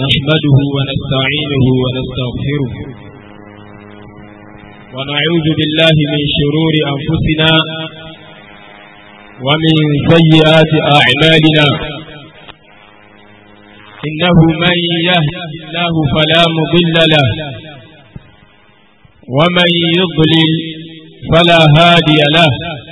نحمده ونستعينه ونستغفره ونعوذ بالله من شرور أنفسنا ومن سيئات أعمالنا إنه من يهدي الله فلا مضل له ومن يضلل فلا هادي له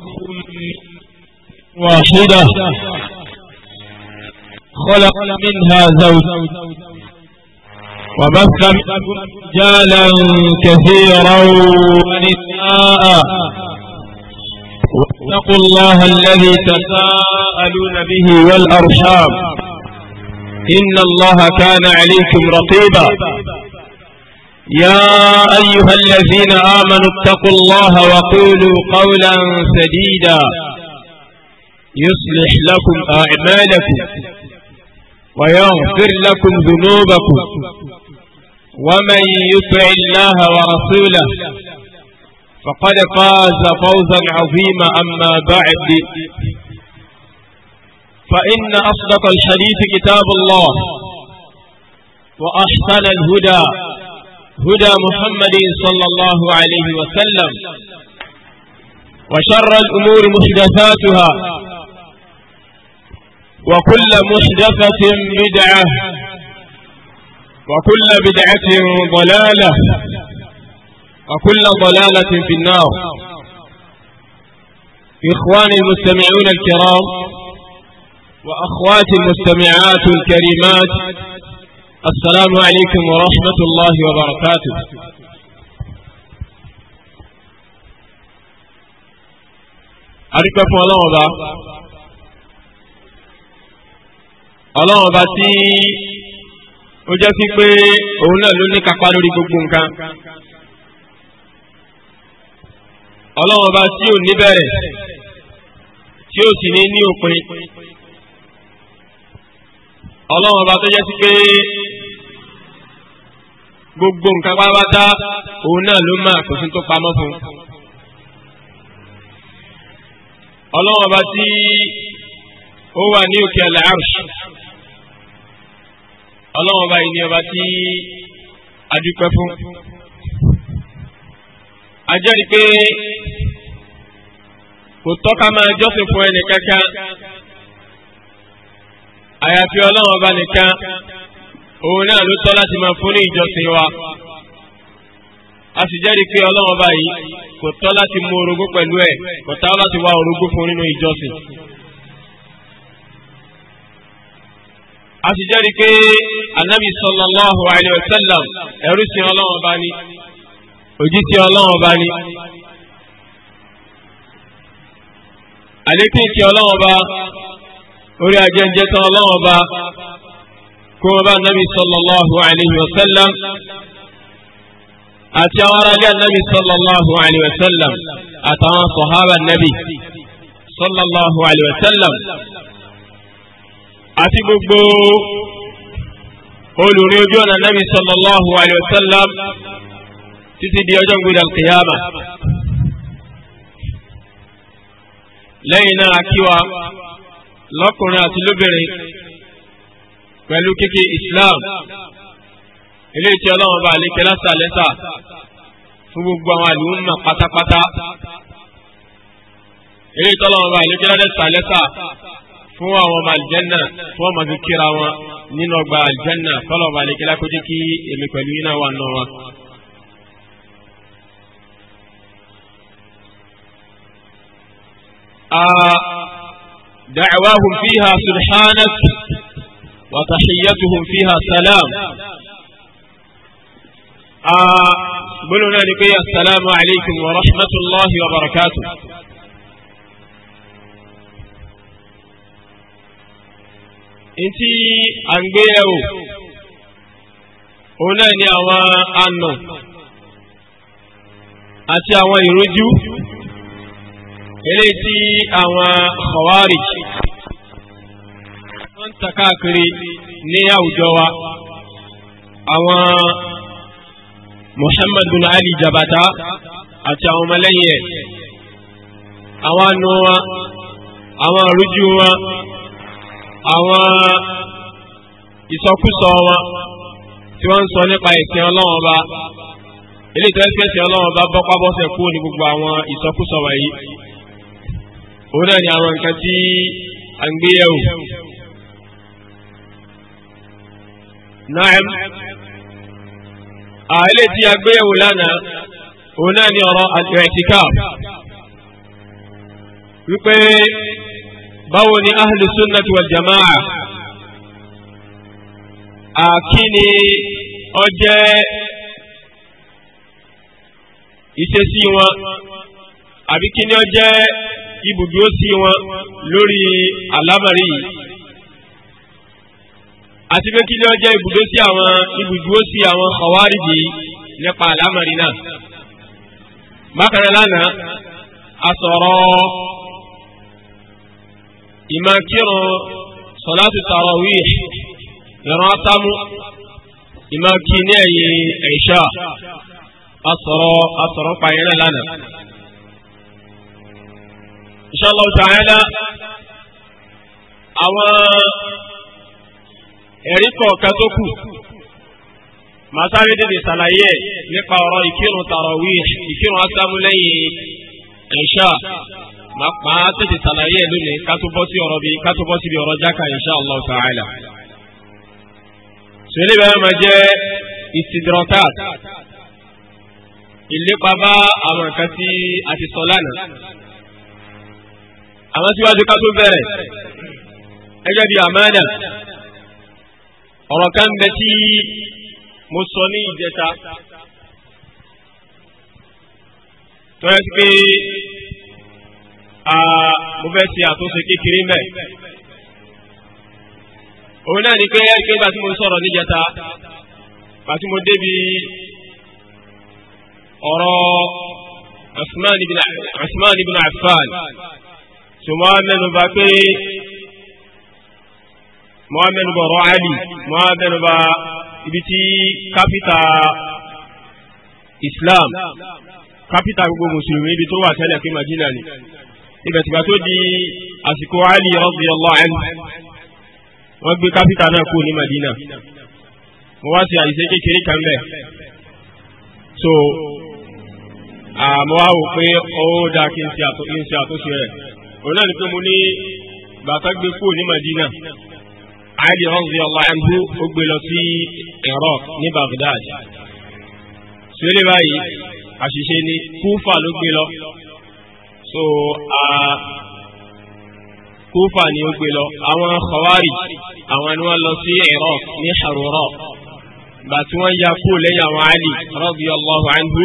واحدة خلق منها زوج وبث رجالا كثيرا ونساء واتقوا الله الذي تساءلون به والأرحام إن الله كان عليكم رقيبا يا أيها الذين آمنوا اتقوا الله وقولوا قولا سديدا يصلح لكم أعمالكم ويغفر لكم ذنوبكم ومن يطع الله ورسوله فقد فاز فوزا عظيما أما بعد فإن أصدق الحديث كتاب الله وأحسن الهدى هدى محمد صلى الله عليه وسلم وشر الأمور محدثاتها وكل محدثة بدعة وكل بدعة ضلالة وكل ضلالة في النار إخواني المستمعون الكرام وأخواتي المستمعات الكريمات السلام عليكم ورحمة الله وبركاته أركب الله ọlọ́run ọba tí ó jẹ́ sí pé òun náà ló ní kápá lórí gbogbo nǹkan ọlọ́run ọba tí ò ní bẹ̀rẹ̀ tí ó sì ní ní òpin ọlọ́run ọba tó jẹ́ sí pé gbogbo nǹkan pátápátá òun náà ló máa kò sí tó pamọ́ fún ọlọ́run ọba tí ó wà ní òkè àlàárùsù ọlọ́run ọba yìí ni ọba tí a dúpẹ́ fún. a jẹ́rìí pé kò tọ́ka máa jọ́sìn fún ẹnì kankan àyàfi ọlọ́run ọba nìkan òun náà ló tọ́ láti máa fún ní ìjọsìn wa. a sì jẹ́rìí pé ọlọ́run ọba yìí kò tọ́ láti mú orogún pẹ̀lú ẹ̀ kò tọ́ láti wá orogún fún nínú ìjọsìn. a sì jẹ́rìí pé anabi sallallahu alayhi wa sallam ẹ̀rú sí ọlọ́run ọba ni òjíṣẹ́ ọlọ́run ọba ni àlékún ìkẹ́ ọlọ́run ọba orí ajẹ́jẹ́ tán ọlọ́run ọba kó wọn bá anabi sallallahu alayhi wa sallam àti àwọn aráàlú anabi sallallahu alayhi wa sallam àtàwọn sọ̀hábà anabi sallallahu alayhi wa sallam àti gbogbo olùrin ojú ọ̀nà nàbì sallallahu alayhi wa sallam títí di ọjọ́ gbọdọ̀ kìyàmà. lẹ́yìn náà kíwa lọ́kùnrin àti lóbìnrin pẹ̀lú kíkí islam ilé tí ọlọ́run bá lékè lásàlẹ́sà fún gbogbo àwọn àlùmọ̀ pátápátá ilé tí bá lékè lásàlẹ́sà fún àwọn ọmọ àlìjẹ́nà fún ọmọ fi kíra wọn nínú ọgbà àlìjẹ́nà fọlọ́ọ̀bà àlekèlá kó jẹ́ kí èmi pẹ̀lú yín náà wà nù wọn. دعواهم فيها سبحانك وتحيتهم فيها سلام قلنا لكي السلام عليكم ورحمة الله وبركاته ntí à ń gbé yẹ̀wò òun náà ni àwọn àna àti àwọn ìrújú eléyìí tí àwọn khawarij wọ́n ń ta ní àwùjọ wa àwọn Muhammad Ali Jabata àti àwọn ọmọlẹ́yìn ẹ̀ àwọn àna wọn àwọn ìrújú wọn àwọn ìsọkúsọ wọn tí wọ́n ń sọ nípa ẹ̀sìn ọlọ́wọ́n ọba eléyìí tó ẹ̀sìn ẹ̀sìn ọlọ́wọ́n ọba bọ́pábọ́sẹ̀ kúrò ní gbogbo àwọn ìsọkúsọ wọ̀nyí òun náà ni àwọn nǹkan tí a ń gbéyẹ̀wò. Naam àìlè tí a gbéyẹ̀wò lánàá òun náà ni ọ̀rọ̀ àti ẹ̀tíkáàfù wípé báwo ni ahlu sunnati wal jama'a àkíni ọjẹ́ ìṣesí wọn àbí kíni ọjẹ́ ibùdó sí wọn lórí àlámàrí yìí àti pé kíni ọjẹ́ ibùdó sí àwọn ibùdó sí àwọn khawariji nípa àlámàrí náà bákan náà lánàá a sọ̀rọ̀ ìmọ̀ kírun sọ̀láti tàràwí ìran átámú ìmọ̀ kí ní ẹ̀yìn ẹ̀ṣà asọ̀rọ̀ asọ̀rọ̀ pààyàn lánàá. Insha Allah ta'ala àwọn ẹ̀rí kọ̀ọ̀kan tó kù màá sáré nípa ọ̀rọ̀ ìkírun tàràwí ìkírun átámú lẹ́yìn ẹ̀ṣà máa tètè sàlàyé ẹ̀ lónìí ká tó bọ́ sí ọ̀rọ̀ bíi ká tó bọ́ síbi ọ̀rọ̀ jáka insha Allah ta'ala. sọ́lé bẹ́ẹ̀ máa jẹ́ istidrokat ìlépa bá àwọn nǹkan tí a ti sọ lánàá. àwọn síwájú ká tó bẹ̀rẹ̀ ẹgẹ́ bíi àmánà ọ̀rọ̀ kan bẹ tí mo sọ ní ìjẹta. tọ́yẹ́ sí pé Ah, mo fẹ́ ṣe àtúnṣe kékeré mẹ́. òun náà ni pé ẹgbẹ́ ìgbà tí mo sọ̀rọ̀ níjẹta ìgbà tí mo débi ọ̀rọ̀ Usman ibn Affan tó máa mẹ́nu bá pé máa mẹ́nu bá ọ̀rọ̀ Ali máa mẹ́nu bá ibi tí kápítà Islam kápítà gbogbo mùsùlùmí ibi tó wà tẹ́lẹ̀ pé Madina ni ìgbàtìgbà tó di àsìkò Ali radiyallahu anhu wọ́n gbé kápítà náà kú ní Madina mo wá sí àyíṣe kékeré kan bẹ́ẹ̀ so àmọ́ wá wò pé ó dáa kí n ṣe àtúnṣe rẹ̀ òun náà ni pé mo ní bàtà gbé kú ní Madina Ali radiyallahu anhu ó gbé lọ sí Iraq ní Baghdad sílẹ̀ báyìí àṣìṣe ni Kúfà ló gbé lọ so a kúfà ni ó gbé lọ àwọn khawarij àwọn ni wọ́n lọ sí iraq ní harura gbà tí wọ́n ya kú lẹ́yìn àwọn ali radiyallahu anhu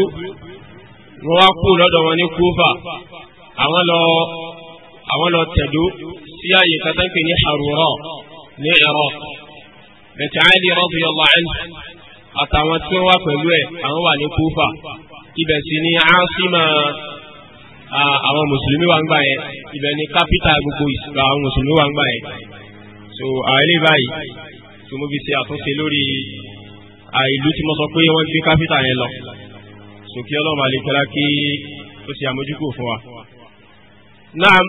wọ́n wá kú lọ́dọ̀ wọn ní kúfà àwọn lọ àwọn lọ tẹ̀dó sí àyè kátàkì ní harura ní iraq bẹ̀tẹ̀ ali radiyallahu anhu àtàwọn tí wọ́n wá pẹ̀lú ẹ̀ àwọn wà ní kúfà ibẹ̀ sì ni asima Ah, àwọn mùsùlùmí wà ń gbà yẹn ibẹ̀ ni kápítà gbogbo àwọn mùsùlùmí wà ń gbà yẹn so àwọn ilé báyìí tí mo fi ṣe àtúnṣe lórí ìlú tí mo sọ pé wọ́n gbé kápítà yẹn lọ so kí ọlọ́run àlekẹ́lá kí ó ṣe àmójúkò fún wa. naam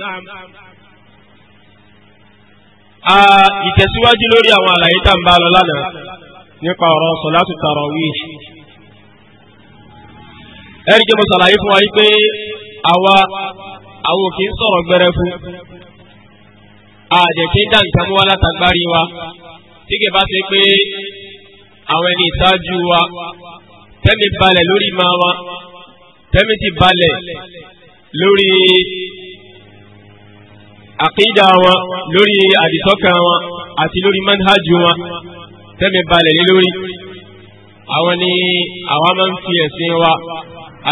ìtẹ̀síwájú lórí àwọn àlàyé tá à ń bá lọ lánàá nípa ọ̀rọ̀ sọ̀látù tarawih ẹ̀rí jẹ́ mo ṣàlàyé fún wa yí pé àwa àwọn òkè ń sọ̀rọ̀ gbẹrẹ fún àjẹ̀kí dá nǹkan mú wa látàgbárí wa tí kì bá ṣe pé àwọn ẹni ìṣáájú wa tẹ́mi balẹ̀ lórí máa wa tẹ́mi ti balẹ̀ lórí àkídà wọn lórí àdìsọ́kàn wọn àti lórí manhajú wọn tẹ́mi balẹ̀ lórí àwọn ni àwa máa ń fi ẹ̀sìn wa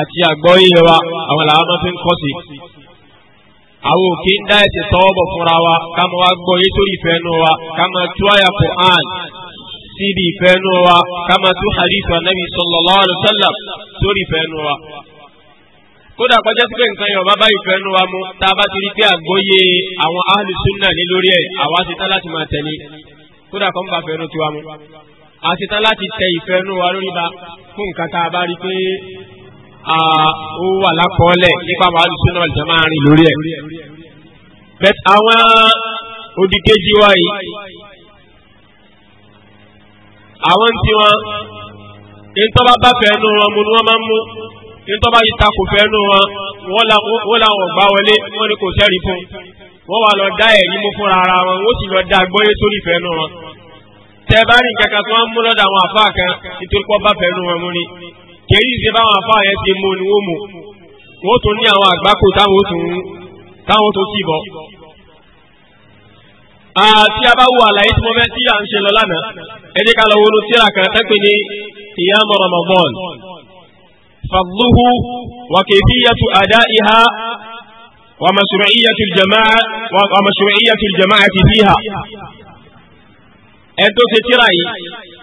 àti àgbọ́yé wa àwọn làwọn máa fi ń kọ́ sí. àwọn òkè ń dá ẹsẹ̀ tọ́wọ́ bọ̀ fúnra wa ká máa wá gbọ́ yé sórí ìfẹ́ nù wa ká máa tú àyà Qur'an síbi ìfẹ́ nù wa ká máa tú hadith anabi sallallahu alayhi wa sallam sórí ìfẹ́ nù wa. kódà kọjá sí pé nǹkan yọ̀ọ̀ bá ìfẹ́ nù wa mu tá a bá ti rí pé àgbọ́yé àwọn ahlu ní lórí ẹ̀ àwa ti tán láti máa tẹ̀lé kódà kọ́ ń bá fẹ́nu tiwa mu àti tán láti tẹ ìfẹ́ nù wa lórí ba fún nǹkan tá a bá rí pé ó wà lákọọ́lẹ̀ nípa àwọn alùsùnà ọ̀lẹ́ máa rìn lórí ẹ̀. bẹ́ẹ̀ àwọn odikeji wa yìí àwọn tí wọn ntọ́ba bá fẹ́ nu wọn mu ni wọ́n máa ń mú ntọ́ba yìí ta kò fẹ́ nu wọn wọ́n làwọn gbá wọlé wọ́n ní kò sẹ́rí fún wọ́n wà lọ dá ẹ̀rí mú fúnra ara wọn wọ́n sì lọ dá gbọ́yé sórí fẹ́ nu wọn. tẹ bá rìn tí wọ́n mú lọ́dọ̀ àwọn àfáà kan nítorí pọ́ bá fẹ́ nu wọn mú ni kèyí ṣe báwọn afá yẹn ti mú ni wọ́n mú wọ́n tún ní àwọn àgbákò táwọn tún táwọn tún sì bọ̀. àti abáwo àlàyé tí mo fẹ́ tí à ń ṣe lọ lánàá ẹ jẹ́ ká lọ wọnú tíra kan tẹ́pẹ́ ní qiyam Ramadan fadluhu wa kayfiyatu adaiha wa mashru'iyyatu al-jama'a wa mashru'iyyatu al-jama'ati fiha ẹ tó ṣe tíra yìí.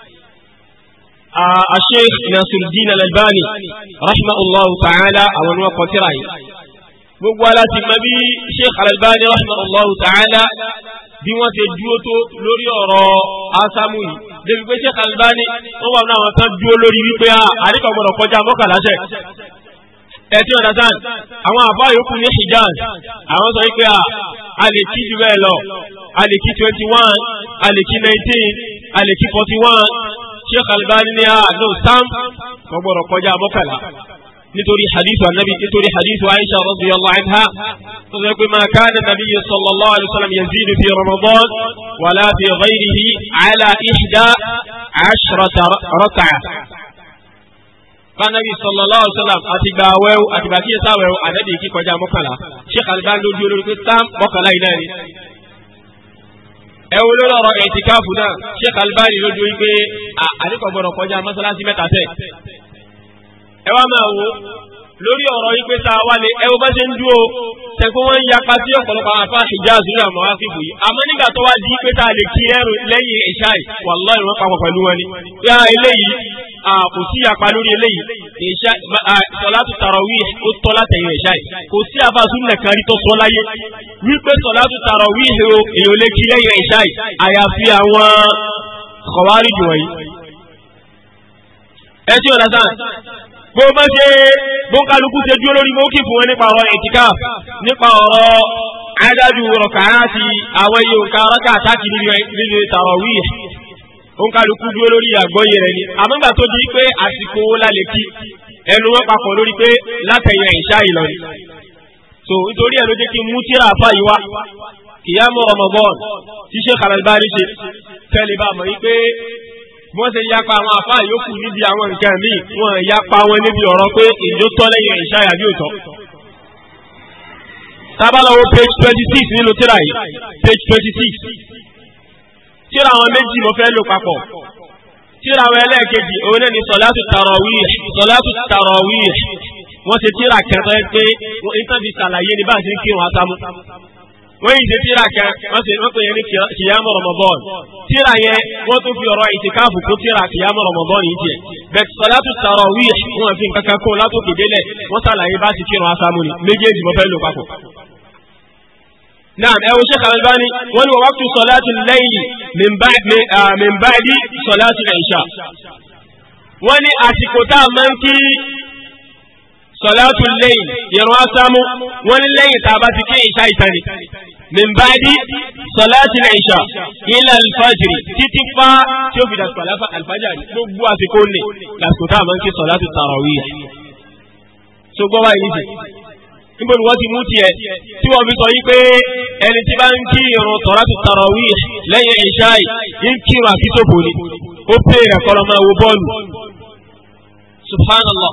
الشيخ ناصر الدين الألباني رحمه الله تعالى àwọn ni wọ́n kọ tírà yìí gbogbo aláti mọ bí sheikh Al-Albani rahimahullahu ta'ala bí wọ́n ti dúró tó lórí ọ̀rọ̀ asámù yìí débi pé sheikh Al-Albani wọ́n wà náà wọ́n tán dúró lórí wípé ah, àríkà gbọ́dọ̀ kọjá mọ́kànláṣẹ́ ẹ̀tí ọ̀dásán àwọn àbá yòókù ní Hijaz àwọn sọ wípé ah, a lè kí jù bẹ́ẹ̀ lọ a lè kí twenty one a lè kí nineteen a lè kí forty one sheikh albani ni a no sam kò gbọ́dọ̀ kọjá mọ́kànlá nítorí hadithu anabi nítorí hadithu aisha radiyallahu anha tó sọ pé máa káàdà nàbí sallallahu alayhi wa sallam yazidu fi ramadan wàlá fi ghayrihi ala ihda ashrata raka'a bánabi sallallahu alaihi wasallam àti gba awẹ́wò àti bàtí ẹ̀sà awẹ́wò àdẹ́bìí kí kọjá mọ́kànlá sheikh albani lójú olórí pé sam mọ́kànlá yìí náà ni ẹ wo lórí ọ̀rọ̀ ẹ̀tìkáàfù náà Sheikh Albani ló dúró pé àdìkọ̀ gbọ́dọ̀ kọjá mọ́sálásí mẹ́ta tẹ̀ ẹ wá máa wo lórí ọ̀rọ̀ yìí pé tá a wá lé ẹ wo bá ṣe ń dúró ṣẹ̀kọ́ wọn ń yapa sí ọ̀pọ̀lọpọ̀ àfa Hijaz ní àmọ́ wá fìbò yìí àmọ́ nígbà tó wá di pé tá lè kí ẹrù lẹ́yìn ìṣáì wallahi wọ́n papọ̀ pẹ̀lú wọn ni. yá eléyìí kò sí yapa lórí eléyìí sọ̀látù tarawih ó tọ́ látẹ̀yìn ìṣáì kò sí àfàsùn nìkan rí tó sọ láyé wípé sọ̀látù tarawih èèyàn lè kí lẹ́yìn ìṣáì àyàfi bó bá ṣe bóńkálukú ṣe dúró lórí mọ́kì fún wọn nípa ọ̀rọ̀ ìtìká nípa ọ̀rọ̀ adájú rọ̀kà àti àwọn iye òǹkà rákà àtàkì nínú tàràwí bóńkálukú dúró lórí àgbọ́yé rẹ̀ ni àmọ́gbà tó di pé àsìkò lálẹ́ kí ẹnu wọn papọ̀ lórí pé látẹ̀yìn àìṣá ìlọrin so nítorí ẹ̀ ló jẹ́ kí mú tíra àfa yìí wá kìyàmọ́ Ramadan tí Sheikh Al-Albani ṣe tẹ́lẹ̀ bá mọ̀ wípé wọ́n ṣe yapa àwọn àfa yòókù níbi àwọn nǹkan míì wọ́n yapa wọn níbi ọ̀rọ̀ pé ìjó tọ́ lẹ́yìn ìṣáyà bí òtọ́. tábàlọ́wọ́ page twenty six nínú tíra yìí page twenty six tíra àwọn méjì mo fẹ́ lò papọ̀ tíra àwọn ẹlẹ́ẹ̀kejì òun náà ni sọ̀látù tarawih sọ̀látù tarawih wọ́n ṣe tíra kẹtọ́ ẹ pé wọ́n ń ṣàlàyé ní bá ń kírun àtàmú wọ́n yìí ṣe tíra kan wọ́n ṣe wọ́n pè é ní kìyàmù Ramadan tíra yẹn wọ́n tún fi ọ̀rọ̀ ìtìkáàfù kó tíra kìyàmù Ramadan yìí tiẹ̀ bẹ́ẹ̀ sọlátù tarawih wọ́n fi nǹkan kan kó látòkè délẹ̀ wọ́n ṣàlàyé bá ti kírun asámú ni méjèèjì mo fẹ́ lò papọ̀. نعم أو شيخ الألباني ولو وقت صلاة الليل wọ́n ní sọ̀látù ah, lẹ́yìn ìrun min ba'di salati al-isha ila al-fajr títí fa tí ó fi dàsùkò àlàfà al-fajr gbogbo àsìkò ní dàsùkò tá a máa ń ké salati tarawih. so gbọ́ báyìí nìyí níbo ni wọ́n ti mú tiẹ̀ tí wọ́n fi sọ yí pé ẹni tí bá ń kí irun salati tarawih lẹ́yìn ìṣá yìí ń kírun àfisòfò ni ó pè é rẹ̀ kọ́ subhanallah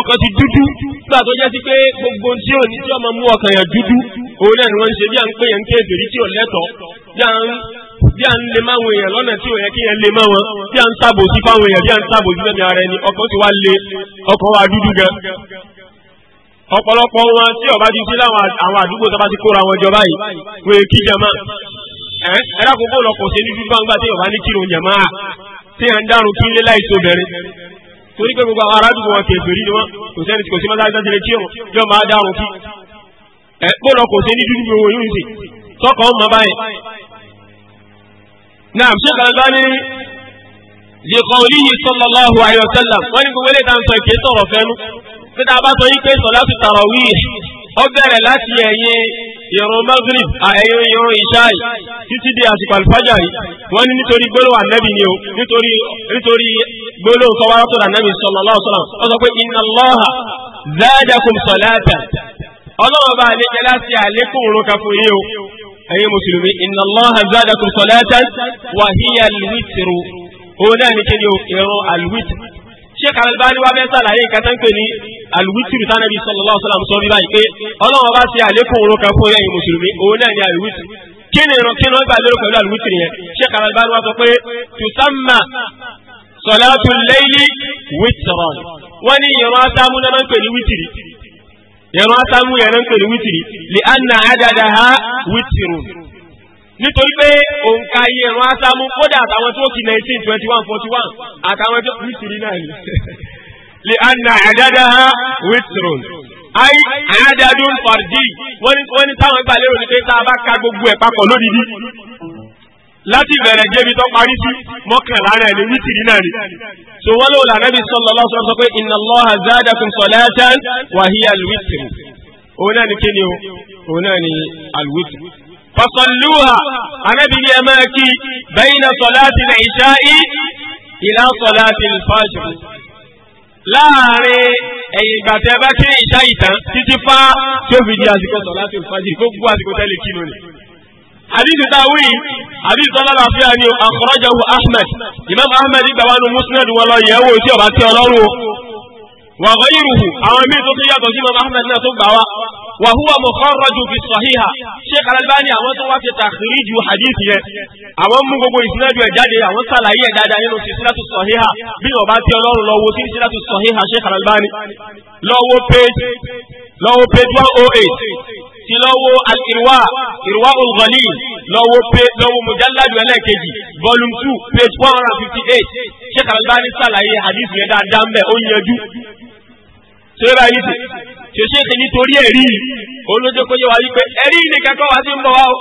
ọkàn ti dúdú nígbà tó jẹ́ sí pé gbogbo tí ò ní tí ọmọ mú ọkàn yẹn dúdú òun náà ni wọ́n ń ṣe bí à ń pè yẹn ń kéèké rí tí ò lẹ́tọ̀ọ́ bí à ń lè máa wọn èèyàn lọ́nà tí ò yẹ kí yẹn lè máa wọn bí à ń ṣàbòsí fáwọn èèyàn bí à ń ṣàbòsí lẹ́mìí ara ẹni ọkàn ti wá le ọkàn wa dúdú gan ọ̀pọ̀lọpọ̀ wọn tí ọba ti sí láwọn àwọn àdúgbò tó bá ti kóra wọn jọ báyìí wọn èkí jama ẹ ẹ dákun bó lọkọ̀ sí ní bíbá ńgbà tí ọba ní kírun kí ń torí pé gbogbo àwọn arádùgbò wọn kì í fèrè ni wọn kò sẹ́ni kò sí mọ́sálásí láti lè kí ọ̀run yóò máa dá ọ̀run kí ẹ gbọ́dọ̀ kò sí ní dúdú gbogbo yóò sì tọkọ̀ ọmọ báyẹn. náà ṣé kàlùbá ní lèkọ́ olíyìí sallallahu alaihi wasallam wọ́n ní gbogbo ilé ìta ń sọ ìké sọ̀rọ̀ fẹ́nu pé tá a bá sọ yí pé sọ̀látù tarawih ó bẹ̀rẹ̀ láti ẹ̀yìn ìrun magrib àyẹ̀yẹ ìrun ìṣáì títí di àsìkò àlùfájàrí wọ́n ní nítorí gbólóhùn ànábì ni o nítorí nítorí gbólóhùn tó wáyé sọ̀rọ̀ ànábì sallallahu alaihi wasallam ó sọ pé inna Allaha zadakum salatan ọlọ́run bá àlejò láti àlékún òrùn kan fún yín o ẹ̀yin Sheikh Al-Albani wá fẹ́ sàlàyé nǹkan tán pé ní alùwítìrù tánàbí sallallahu alaihi wasallam sọ bí báyìí pé ọlọ́run bá ṣe àlékún òun kan fún ẹ̀yin mùsùlùmí òun náà ní alùwítìrù kí ni ìrànkí náà gbà lérò pẹ̀lú alùwítìrù yẹn Sheikh Al-Albani wá sọ pé tùsánmà sọ̀látù lẹ́yìn wítìrán wọ́n ní ìran asámú náà ń pè ní wítìrì ìran asámú yẹn ń pè ní wítìrì li anna adadaha witrun nítorí pé òǹkà iye ẹ̀rọ asámú kódà àtàwọn tó kì 19 21 41 àtàwọn tó kì sí náà ni lè anna àdádá wítrùn ayi àádádún fàrdí wọ́n ní táwọn gbà lérò ní pé tá a bá ka gbogbo ẹ̀ papọ̀ lódìdí láti bẹ̀rẹ̀ débi tó parí sí mọ́kànlá rẹ̀ lè wítìrí náà rí. so wọ́n lò lànàbí sallallahu alaihi wasallam sọ pé inna Allaha zadakum salatan wa hiya alwitr òun náà ni kí ni o òun náà ni alwitr fasalluha anabi ni ẹ máa kí bayna salati al-isha'i ila salati al-fajr láàrin ẹ̀yìn ìgbà tẹ́ bá kí ìṣá ìtàn títí fá tí ó fi di àsìkò salati al-fajr gbogbo àsìkò tẹ́lẹ̀ kí lónìí. حديث تاوي حديث صلى الله عليه وسلم أخرجه أحمد إمام أحمد إذا وانو مسند ولا يهو يتيو باتي وغيره أمامي تطيع تجيب أحمد ناسو wa huwa mukharraju fi sahiha Sheikh Al-Albani àwọn tó wá ti takhriju hadith yẹn àwọn mú gbogbo ìsinadu ẹ̀ jáde àwọn sàlàyé ẹ̀ dáadáa nínú silsilatu sahiha bí wọn bá ti ọlọ́run lọ wo silsilatu sahiha Sheikh Al-Albani lọ wo page lọ wo page one oh eight ti lọ wo al-irwa irwa al-ghalil lọ wo page lọ wo mujalladu ẹlẹ́ẹ̀kejì volume two page one Sheikh Al-Albani sàlàyé hadith yẹn dáadáa ń bẹ̀ ó ṣé bá yìí sì ṣe ṣe ṣe nítorí ẹ̀rí olójó kó yẹ wá wípé ẹ̀rí ni kẹ́kọ̀ọ́ wá sí ń bọ̀ wá o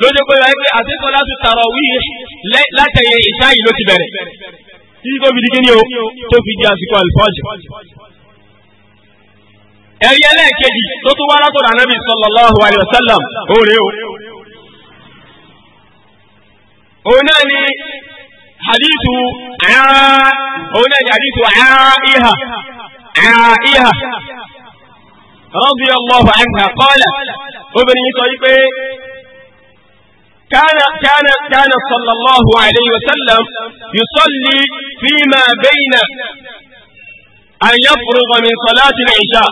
lójó kó yẹ wá wípé àtẹ́sọ́ láti tààrọ̀ wí látẹ̀yẹ ìṣáyìí ló ti bẹ̀rẹ̀ títí tó fi di kíni o tó fi di àsìkò àlùfọ́ọ̀jì. ẹ̀rí ẹlẹ́ẹ̀kejì tó tún wá látọ̀dọ̀ anábì sallallahu alaihi wasallam òòrè o. òun náà ni hadithu àárá òun náà ni hadithu àárá ìhà. عائشة رضي الله عنها قالت ابن طيب كان كان كان صلى الله عليه وسلم يصلي فيما بين أن يفرغ من صلاة العشاء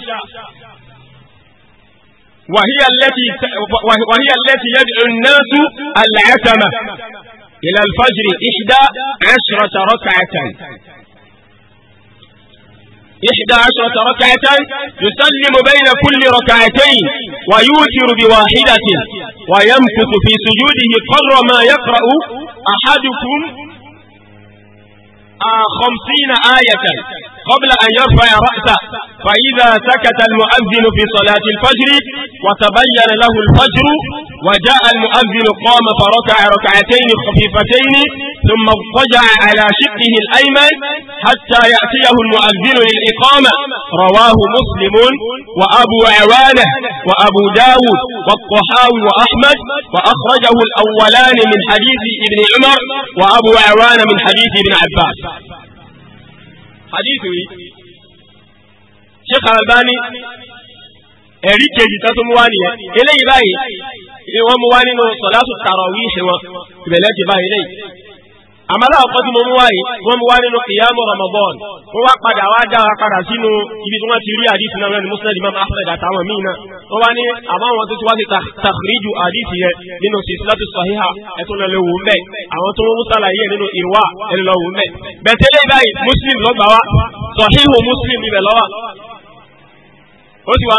وهي التي وهي التي يدعو الناس العتمة إلى الفجر إحدى عشرة ركعة إحدى عشرة ركعة يسلم بين كل ركعتين ويوتر بواحدة ويمكث في سجوده قر ما يقرأ أحدكم خمسين آية قبل أن يرفع رأسه فإذا سكت المؤذن في صلاة الفجر وتبين له الفجر وجاء المؤذن قام فركع ركعتين خفيفتين ثم اضطجع على شقه الأيمن حتى يأتيه المؤذن للإقامة رواه مسلم وأبو عوانة وأبو داود والطحاوي وأحمد وأخرجه الأولان من حديث ابن عمر وأبو عوانة من حديث ابن عباس hadithi wi sheikh albani ẹ̀rí kejì tó tún mú wá nìyẹn eléyìí báyìí wọ́n mú wá nínú sọ̀látù tarawih wọn ìbẹ̀lẹ́ ti báyìí lẹ́yìn àmàlà ọ̀pọ̀ tí mo mú wáyé wọ́n mú wá nínú kìyàmù Ramadan wọ́n wá padà wá dá wa padà sínú ibi tí wọ́n ti rí àdìsí náà lẹ́nu Musnad Imam Ahmad àtàwọn míì náà wọ́n wá ní àbáwọn tó ti wá sí tàkìríjù àdìsí yẹn nínú Silsilatu Sahiha ẹ̀tún lọ lè wò mẹ́ àwọn tó ń sàlàyé nínú Irwa ẹ̀rì lọ wò mẹ́ bẹ̀tẹ́lẹ̀ báyìí Muslim lọ́gbà wa Sahihu Muslim ibẹ̀ lọ́wà ó sì wà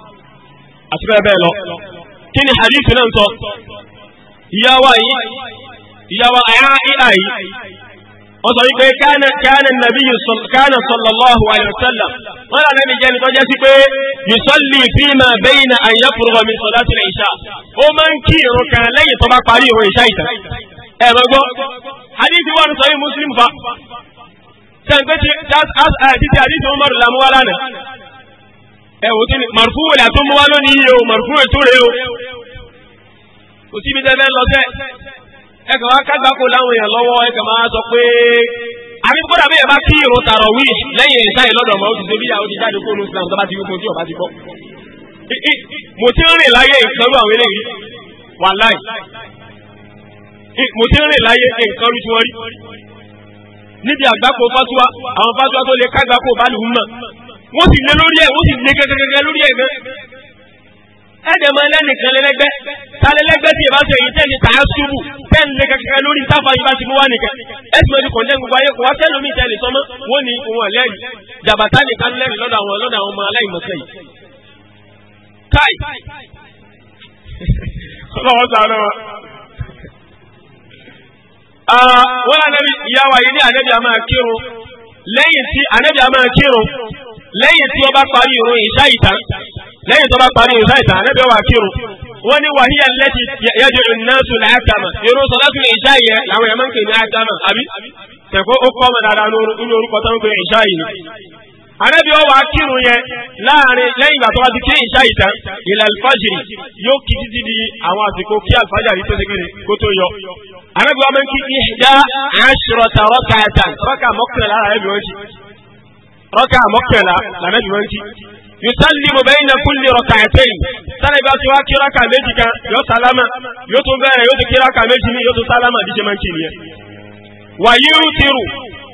ní àti bẹ́ẹ̀ bẹ́ẹ̀ lọ kí ni hadith náà ń sọ ìyá wa yìí ìyá wa Àìṣà yìí wọ́n sọ wípé káàna nàbí káàna sallallahu alayhi wa sallam wọ́n lànà mi jẹ́ni tó jẹ́ sí pé yusalli fima bayna an yafrugha min salati al-isha ó máa ń kí irun kan lẹ́yìn tó bá parí irun ìṣá ìtàn ẹ̀rọ gbọ́ hadithi wà ní sọ́yìn muslim fa sẹ́ńpẹ́ tí a ti ti hadithi Umar làmúwa lánàá ẹ wò tó ní màrúfú wòlé àtó mú wá lónìí yìí o màrúfú ètò rẹ o kò síbi tẹ́ fẹ́ lọ sẹ́ ẹ kàn wá kágbákò láwọn èèyàn lọ́wọ́ ẹ kàn máa sọ pé àbí kódà bẹ́ẹ̀ bá kí irun tààrọ̀ wí lẹ́yìn ìsáyè lọ́dọ̀ ọmọ òṣìṣẹ́ bíyà ó ti jáde kó nu islam tó bá ti wí fún tí ọba ti kọ́. mo ti ń rìn láyé ìkanrú àwọn eléyìí wàláì mo ti ń rìn láyé ìkanrú tí wọ́n rí níbi àgbákò fásúwa àwọn fásúwa tó lè kágbákò bá lù ú mọ̀ wọ́n sì lé lórí ẹ̀ wọ́n sì lé gẹ́gẹ́gẹ́ lórí ẹ̀ náà. ẹ̀dẹ̀ máa lẹ́nìkan lẹ́lẹ́gbẹ́ ta lẹ́lẹ́gbẹ́ tí ìbá ṣe èyí tẹ́ni tàá ṣubú tẹ́ni lé gẹ́gẹ́gẹ́ lórí táfà yìí bá ti mú wá nìkan ẹ̀sìn mẹ́rin kọ̀ọ̀dẹ́ gbogbo ayé kò wá tẹ́lómi tẹ́lẹ̀ sọ́mọ́ wọ́n ní wọn lẹ́rìí jàbátá nìkan lẹ́rìí lọ́dọ̀ àwọn lọ́dọ̀ àwọn ọmọ aláìmọ̀sẹ̀ yìí. káì ọlọ́wọ́ sàánú wa wọ́n ànábì ìyáwó ayé ní ànábì àmà kírun lẹ́yìn tí ànábì àmà kírun lẹ́yìn tí wọ́n bá parí irun ìṣá ìtàn lẹ́yìn tó bá parí irun ìṣá ìtàn ànábẹ́ wà kírun wọ́n ní wàhíyà lẹ́tì yẹ́dì ìnáṣù làákàmà irun sọ̀látù ìṣá yẹn làwọn yẹn máa ń pè ní àkàmà àbí tẹ̀kọ́ ó kọ́ ọmọ dáadáa nínú orúkọ tó ń pè ìṣá yìí ànábẹ́ wà kírun yẹn láàrin lẹ́yìn ìgbà tó bá ti kí ìṣá ìtàn ilẹ̀ alfajiri yóò kí títí di àwọn àsìkò kí alfajiri tó ti kéde kó tó yọ ànábẹ́ wà máa ń kí rọ́kà mọ́kànlá lànà ìwọ́n kí. yusallimu bayna kulli rak'atayn sani bá ti wá kí rọ́kà méjì kan yóò sálámà yóò tún bẹ̀rẹ̀ yóò tún kí rọ́kà méjì ní yóò tún sálámà díje máa ń kí nìyẹn. wà yíru tiru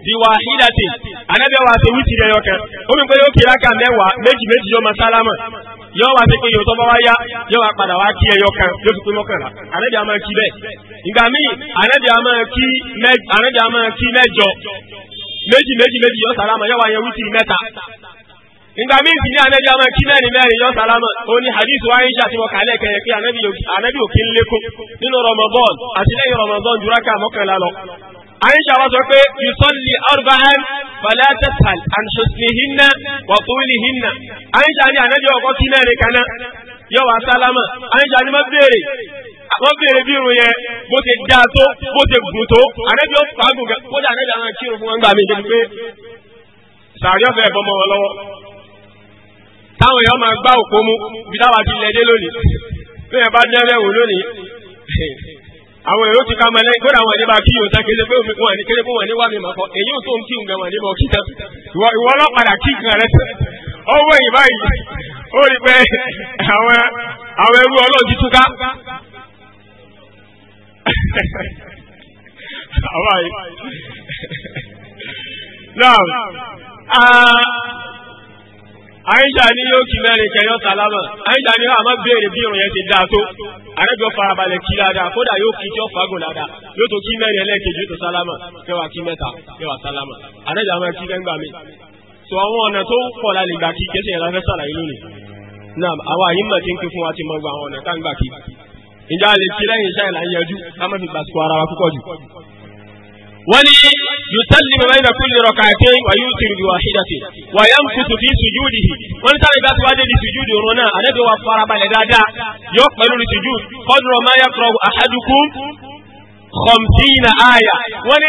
di wahidati anabi wa se witiri ẹyọ kan omi pé yóò kiri aka mẹ́wàá méjì méjì yóò ma sálámà yóò wá sí pé yóò tọ́ba wá yá yóò wá padà wá kí ẹyọ kan yóò fi pé mọ́kànlá anabi a máa kí bẹ́ẹ̀ ìgbà míì anabi máa kí mẹ́jọ méjì méjì méjì yọ sàlámà yọ wá yẹ wítìrì mẹ́ta nígbà míì sì ní anabi ọmọ kí mẹ́rin mẹ́rin yọ sàlámà ó ní hadith wa aisha tí wọ́n kà lẹ́kẹ̀ yẹ pé anabi òkè ń lékún nínú ramadan àti lẹ́yìn ramadan duraka mọ́kànlá lọ. aisha wa sọ pé yusalli arba'an fala tathal an husnihinna wa tulihinna aisha ní anabi ọkọ kí mẹ́rin kaná yọ wá sàlámà aisha ní má béèrè wọ́n béèrè bí irun yẹn bó ṣe dáa tó bó ṣe gùn tó àrẹ́bí ó fàágùn gan kódà àrẹ́bí àwọn akírun fún wọn gbà mí débi pé sàárẹ̀ ọ̀fẹ́ ẹ̀bọ mọ́ wọn lọ́wọ́ táwọn èèyàn máa gbá òpó mú bí táwa ti lẹ dé lónìí bí ẹ bá dẹ́rẹ́ wò lónìí àwọn èrò ti ka mẹlẹ kódà wọn ní bá kí yòó tán kéde pé omi wọn ní kéde pé wọn ní wà màkọ èyí ò tó ń kí nǹkan wọn ní bọ kí tán ìwọ ọlọ́pàá kí nǹkan rẹ tán ọwọ́ èyí ó rí pé àwọn ẹrú ọlọ́ọ̀dì túká àbáyé náà àyíṣà ni yóò kí mẹ́rin kẹ́ yọ́ta lámà àyíṣà ni yóò àmọ́ béèrè bí irun yẹn ti dáa tó àrẹ́jọ farabalẹ̀ kí dáadáa kódà yóò kí tí ó fagùn dáadáa yóò tó kí mẹ́rin ẹlẹ́ẹ̀kejì yóò tó sálámà yóò wá kí mẹ́ta yóò wá sálámà àrẹ́jọ àwọn ẹkí fẹ́ ń gbà mí. sọ àwọn ọ̀nà tó pọ̀ la lè gbà kí kẹsàn-án yẹn la fẹ́ sàlàyé lónìí. náà àwọn àyínmọ̀ ti ń pín fún wa ti mọ ìjà lè kí lẹ́yìn iṣẹ́ ìlànà yanjú ká má fi gbàsùkò ara wa púpọ̀ jù. wọ́n ní yusallimu bayna kulli rak'atayn wa yutiru bi wahidatin wa yamkutu fi sujudihi wọ́n ní sáré gbàsùkò adé di sujúdi òun náà àdébẹ̀ wa fara balẹ̀ dáadáa yóò pẹ̀lú ní sujúd qadra ma yaqra'u ahadukum khamsina aya wọ́n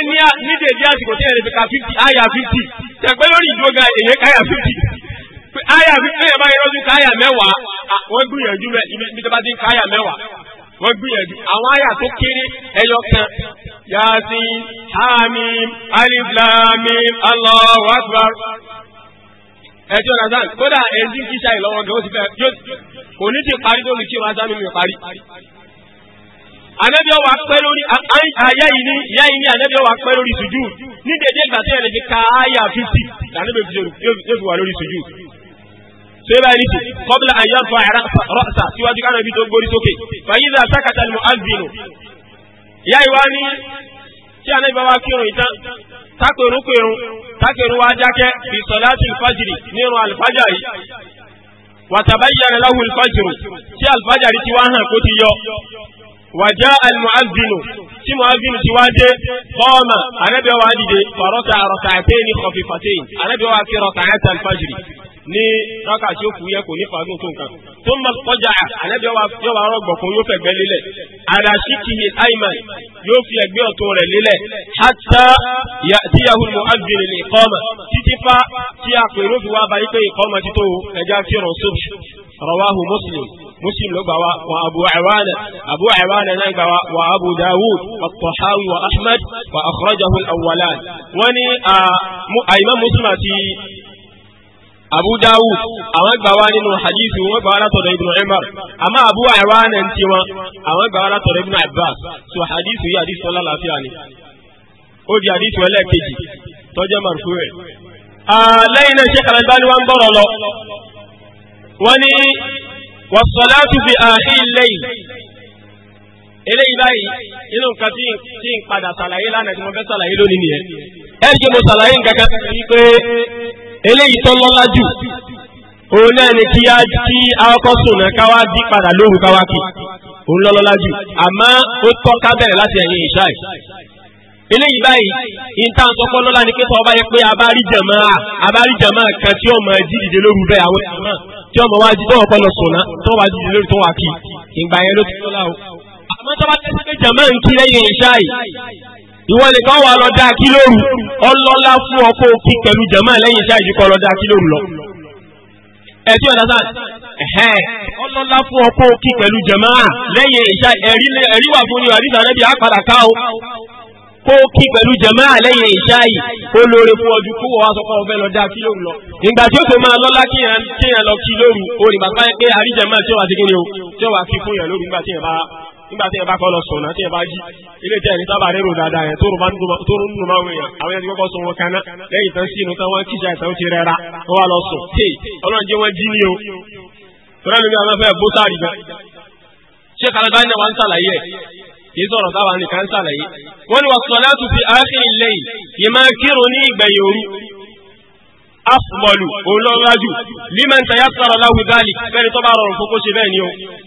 ní wọ́n gbìyànjú wọ́n gbìyànjú àwọn àyà tó kéré ẹyọ kan yasin hamim alif lamim allahu akbar ẹjọ́ razan kódà ẹ̀sìn kíṣà ìlọ́wọ́ gan ó ti fẹ́ kò ní ti parí tó lè kí razan mi parí. Ànábì ọwà pẹ́ lórí ayé yìí ní ìyá yìí ní ànábì ọwà pẹ́ lórí sùjú ní dédé ìgbà tí ẹ̀rẹ́ fi ka ayà fífì ànábì yóò fi wà lórí sùjú sẹ́bà ẹni tì kọ́bílà àyànfà rọ́ọ̀sà síwájú ká nàbí tó gbórí sókè fàyídà sákàtà ni mo á bínú. ìyá ìwá ní tí àná ìbá wa kírun ìtàn tákùrún kírun tákùrún wa dákẹ́ fi sọ̀láàtì alfajiri nínú alfajari wàtàbáyára láwù alfajiru tí alfajari ti wá hàn kó ti yọ wàjá almuazinu tí muazinu ti wá dé kọ́ọ̀mà anábẹ́wà dìde fọ̀rọ̀ta àrọ̀ta àtẹ́ni kọfífàtẹ́yìn anábẹ́wà fi rọ̀ta ní rákà tí ó kù yẹ kò ní fàágùn tó nǹkan tó ń bá kọjá ànábi yóò wá rọgbọ fún yóò fẹ̀gbẹ́ lélẹ̀ arasikihi aiman yóò fi ẹ̀gbẹ́ ọ̀tún rẹ̀ lélẹ̀ hata tí yahoo mu adùn ní ìkọọmọ títí fa tí a pè lófi wá báyìí pé ìkọọmọ títò ẹja kírun sóbì rawahu muslim muslim ló gbà wá wa abu awana abu awana náà gbà wá wa abu dawud wa tahawi wa ahmad wa akhrajahu al-awwalan wọ́n ní àìmọ́ muslim àti abu dawud àwọn gbà wá nínú hadithu wọn gbà wá látọ̀dọ̀ ibnu umar àmọ́ abu aywan ẹn tí wọn àwọn gbà wá látọ̀dọ̀ ibnu abbas so hadithu yìí hadithu tó lálàáfíà ni ó di hadithu ẹlẹ́ẹ̀kejì tó jẹ́ marfu lẹ́yìn náà ṣe kàlẹ́ báni wọn bọ̀rọ̀ lọ wọn ni wassalatu fi akhir al eléyìí báyìí nínú nǹkan tí ń padà ṣàlàyé lánàá tí mo fẹ́ ṣàlàyé lónìí nìyẹn ẹ̀ eléyìí tó lọ́lá jù òun náà ni kí akọ́kọ́ sùn náà káwá dí padà lóru káwá kí òun lọ́lọ́lá jù àmọ́ ó tọ́ ká bẹ̀rẹ̀ láti ẹ̀yìn ìṣáì eléyìí báyìí ìta ń sọpọ́ lọ́la ni pé tọ́ ọba yẹ pé abáríjàmọ́ abáríjàmọ́ kan tí ọmọ jídìde lóru bẹ́ẹ̀ àwọn ìjàmọ́ tí ọmọ wa jídìde ọ̀pọ̀ lọ sùn náà tọ́ wa jídìde lóru tó wà kí ìgbà yẹn ló ti lọ́la o àmọ́ tọ́ bá tẹ́sí pé ìwọ nìkan wà lọ dá kí lóru ọlọ́lá fún ọkọ òkí pẹ̀lú jẹ̀mọ́ lẹ́yìn iṣẹ́ ìdíkọ̀ lọ dá kí lóru lọ. ẹ̀tí ọ̀dà sáà ẹ̀hẹ́ ọlọ́lá fún ọkọ òkí pẹ̀lú jẹ̀mọ́ lẹ́yìn iṣẹ́ ẹ̀rí wà fún ni àdìsí àrẹ́bí àpàdà ká o kó kí pẹ̀lú jẹ̀mọ́ lẹ́yìn iṣẹ́ yìí ó lóore fún ọdún kó wọ́n sọ pé wọ́n lọ dá kí lóru lọ. ìgbà nígbà tí ẹ bá kọ́ lọ sùn náà tí ẹ bá jí ilé tẹ̀ ní sábà rérò dáadáa yẹn tóorùn máa ń nù máa ń wẹ̀yàn àwọn yẹn ti kọ́kọ́ sun wọn kaná lẹ́yìn tán sínú tán wọ́n kíjà ìtàn ti rẹ́ra wọ́n wá lọ sùn tí ọlọ́run jẹ́ wọ́n jí ní o tọ́lá lórí àwọn afẹ́ bó sáà rí gan ṣé kalaba ní wa ń sàlàyé ẹ̀ sọ̀rọ̀ táwa nìkan sàlàyé wọ́n ni o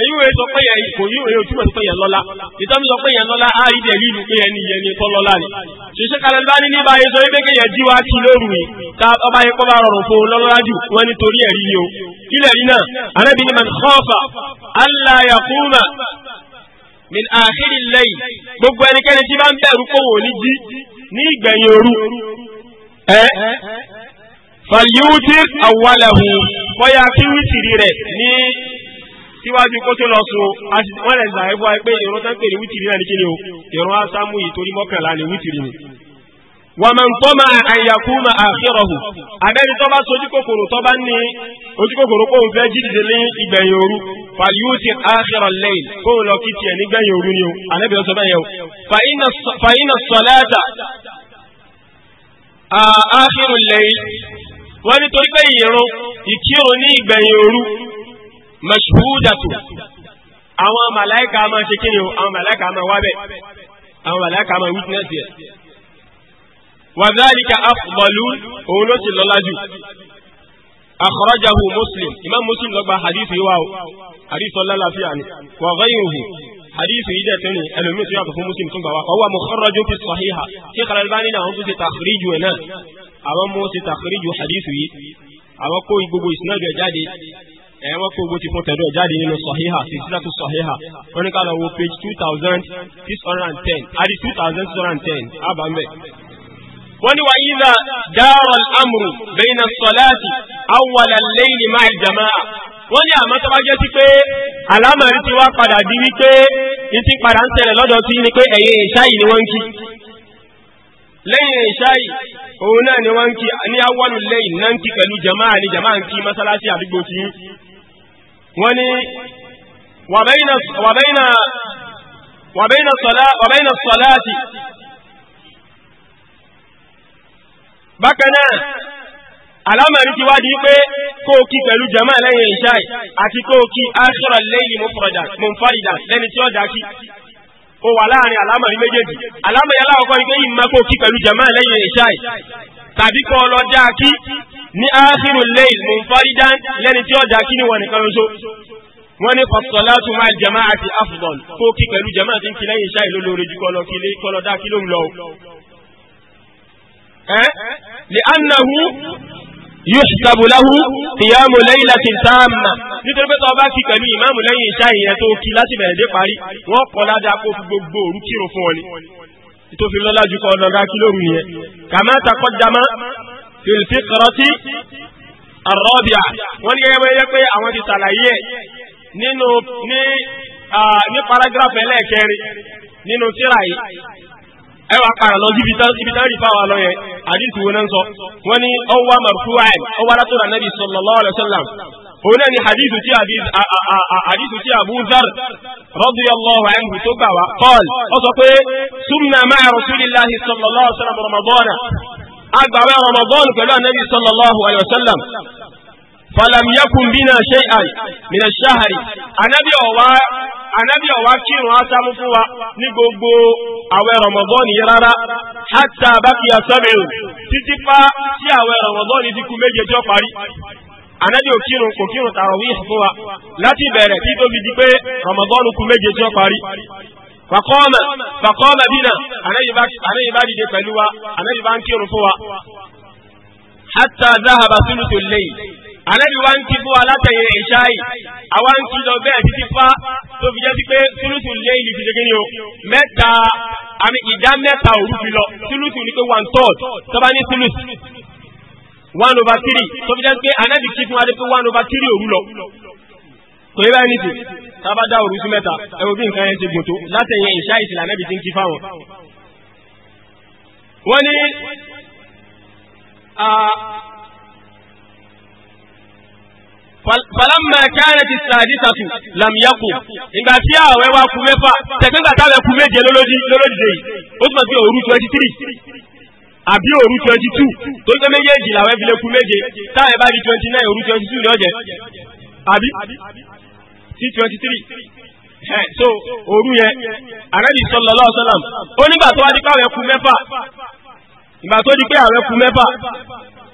èyí wòye sọ pé yẹn kò yí òye òtúmọ̀ sí pé yẹn lọ́la ìtọ́mi sọ pé yẹn lọ́la á rí dẹ̀rí ìlú pé yẹn ni yẹn ni tọ́ lọ́la ni. ṣèṣe kalẹ̀ bá ní níbà yẹn sọ wípé kéèyàn jí wá kí lóru yìí ká ọba yẹn kọ́ bá rọrùn fún lọ́lọ́lá jù wọ́n ní torí ẹ̀rí ni o. kílẹ̀ rí náà anábì ni man khafa alla min akhiril layl gbogbo ẹnikẹ́ni tí bá ń bẹ̀rù kó wò ní jí ní ìgbẹ̀yìn òru ẹ́ falyutir awwalahu bóyá kí wítìrì rẹ̀ ní síwájú kó tó lọ sùn wọ́n lè ṣàlàyé fún wa pé ìrun tán pè ní wítìrì náà ní kíni o ìrun asámú yìí torí mọ́kànlá ní wítìrì ni. wà á máa ń tọ́ máa àyàkú máa àfihàn abẹ́ni tó bá sojú kòkòrò tó bá ní ojú kòkòrò kóun fẹ́ jídìde ní ìgbẹ̀yìn òru fàlíwùsì àfihàn lẹ́yìn kóun lọ kí tiẹ̀ nígbẹ̀yìn òru ni o àlẹ́bí lọ bẹ́ẹ̀ yẹn o fàyínà sọ̀láàtà mashhudatu àwọn màláìka máa ṣe kí ni o àwọn màláìka máa wá bẹ̀ àwọn màláìka máa witness yẹ. wàzálìkà afdalu òun ló sì lọ́lá jù akhrajahu muslim imam muslim ló gba hadith yìí wá o hadith ọlọ́láfíà ni wa ghayruhu hadith yìí dẹ̀ tẹ́lẹ̀ ẹlòmíì tó yàtọ̀ fún muslim tó gbà wá ọwọ́ mukharrajun fi sahiha Sheikh Al-Albani náà wọ́n tún ṣe takhriju ẹ̀ náà àwọn mú ṣe takhriju hadith yìí àwọn kó gbogbo ìsinadu ẹ̀ jáde ẹ̀wọ́n kó owó ti fún tẹ̀dọ̀ jáde nínú sọ̀híhà sísílátù sọ̀híhà wọ́n ní ká lọ wo page two thousand six hundred and ten àti two thousand six hundred and ten àbámẹ́. wọ́n ní wàá yíza dáhùn amúrù bẹ́ẹ̀nà sọ̀láàtì awọ́lá lẹ́yìn máa jàmá. wọ́n ní àmọ́ tó bá jẹ́ sí pé àlámọ̀rí ti wá padà di wípé ní ti padà ń tẹ̀lẹ̀ lọ́dọ̀ tí ní pé ẹ̀yìn ìṣáyì ni wọ́n ń kí lẹ́yìn ìṣáì òun náà ni wọ́n ń kí ní awọ́lù lẹ́yìn náà ń kí pẹ̀lú jama'a ní jama'a ń wọ́n ní wàbẹ́yìnà sọ̀láàtì bákan náà alámàrí ti wá di pé kó o kí pẹ̀lú jama lẹ́yìn ìṣáì àti kó o kí aṣọ́ra lẹ́yìn mọ̀fàrìdà lẹ́ni tí ó dá kí ó wà láàrin alámàrí méjèèjì alámàrí aláwọ̀kọ́ ni pé yìí máa kó o kí pẹ̀lú jama lẹ́yìn ìṣáì tàbí kó o lọ dá kí ní áàfíìrù lẹ́yìn munfaridan lẹ́ni tí ọjà kí ni wọ́n nìkan lóṣó wọ́n ní fasolatu máa jama àti afdol kó kí pẹ̀lú jama àti nkí lẹ́yìn iṣẹ́ ìlú lórí ju kọlọ kí kọlọ dá kí ló ń lọ. li annahu yuhsabu lahu qiyamu laylatin tamma nítorí pé tó bá kí pẹ̀lú ìmáàmù lẹ́yìn iṣẹ́ ìyẹn tó kí láti bẹ̀rẹ̀ dé ni filfiqrati arọ́bíà wọ́n ní gẹ́gẹ́ bẹ́ẹ̀ pé àwọn ti ṣàlàyé nínú ní ní paragraph ẹlẹ́ẹ̀kẹrin nínú tírà yìí ẹ wàá kàrà lọ ibi tán rí fáwọn lọ yẹn àdìsí wo náà ń sọ wọ́n ní ọwọ́ marfu'a ọwọ́ alátọ́nà nàbì sallallahu alaihi wasallam òun náà ni hadithu tí hadithu tí abu dhar radiyallahu anhu tó gbà wá qala ó sọ pé sumna ma'a rasulillahi sallallahu alaihi wasallam ramadana agbàwẹ̀ Ramadan pẹ̀lú anabi sallallahu alayhi wa sallam falam yakun bina shay'an min ash-shahri anabi ọwa anabi ọwa kírun asamu fún wa ní gbogbo àwẹ̀ Ramadan yìí rárá hatta baqiya sab'u títí pa sí àwẹ̀ Ramadan yìí dínkù méje jọ parí anabi ò kò kírun tarawih fún wa láti bẹ̀rẹ̀ títí di pé Ramadan kù méje jọ parí fakọ́ọ̀mà fakọ́ọ̀mà bínà ànáyì bá dìde pẹ̀lú wa ànáyì bá ń kírun fún wa hatta zahaba sulutu lẹ́yìn ànáyì wa ń kí fún wa látẹ̀yìn ìṣáyì àwa ń kí lọ bẹ́ẹ̀ títí fá tó fi jẹ́ sí pé sulutu lẹ́yìn ní fìdí kíni o mẹ́ta àmì ìdá mẹ́ta òru fi lọ sulutu ní pé one third tọ́ba ní sulutu one over three tó fi jẹ́ sí pé ànáyì kí fún wa dé pé one over three òru lọ kò yẹ báyìí nìsí tábà dá òru sí mẹ́ta ẹ̀rọ bí nǹkan yẹn ti gùn látẹ̀yìn ìṣá ìsìlá nẹ́bi ti ń kí fáwọn. wọ́n ní falamma kanat as-sadisatu lam yaqum ìgbà tí àwẹ̀ wa kù mẹ́fà tẹ̀gbẹ́gbà táwẹ̀ kù méje lólódì lólódì ó túmọ̀ sí òru twenty three àbí òru twenty two tó ń tẹ́ méjèèjì làwọn ẹbí lè kù méje táwẹ̀ bá di twenty nine òru twenty two ni ó àbí sí twenty three so òru yẹn Ànábì sallallahu alaihi wasallam ó nígbà tó wá di pé àwọn ẹkú mẹ́fà ìgbà tó di pé àwọn ẹkú mẹ́fà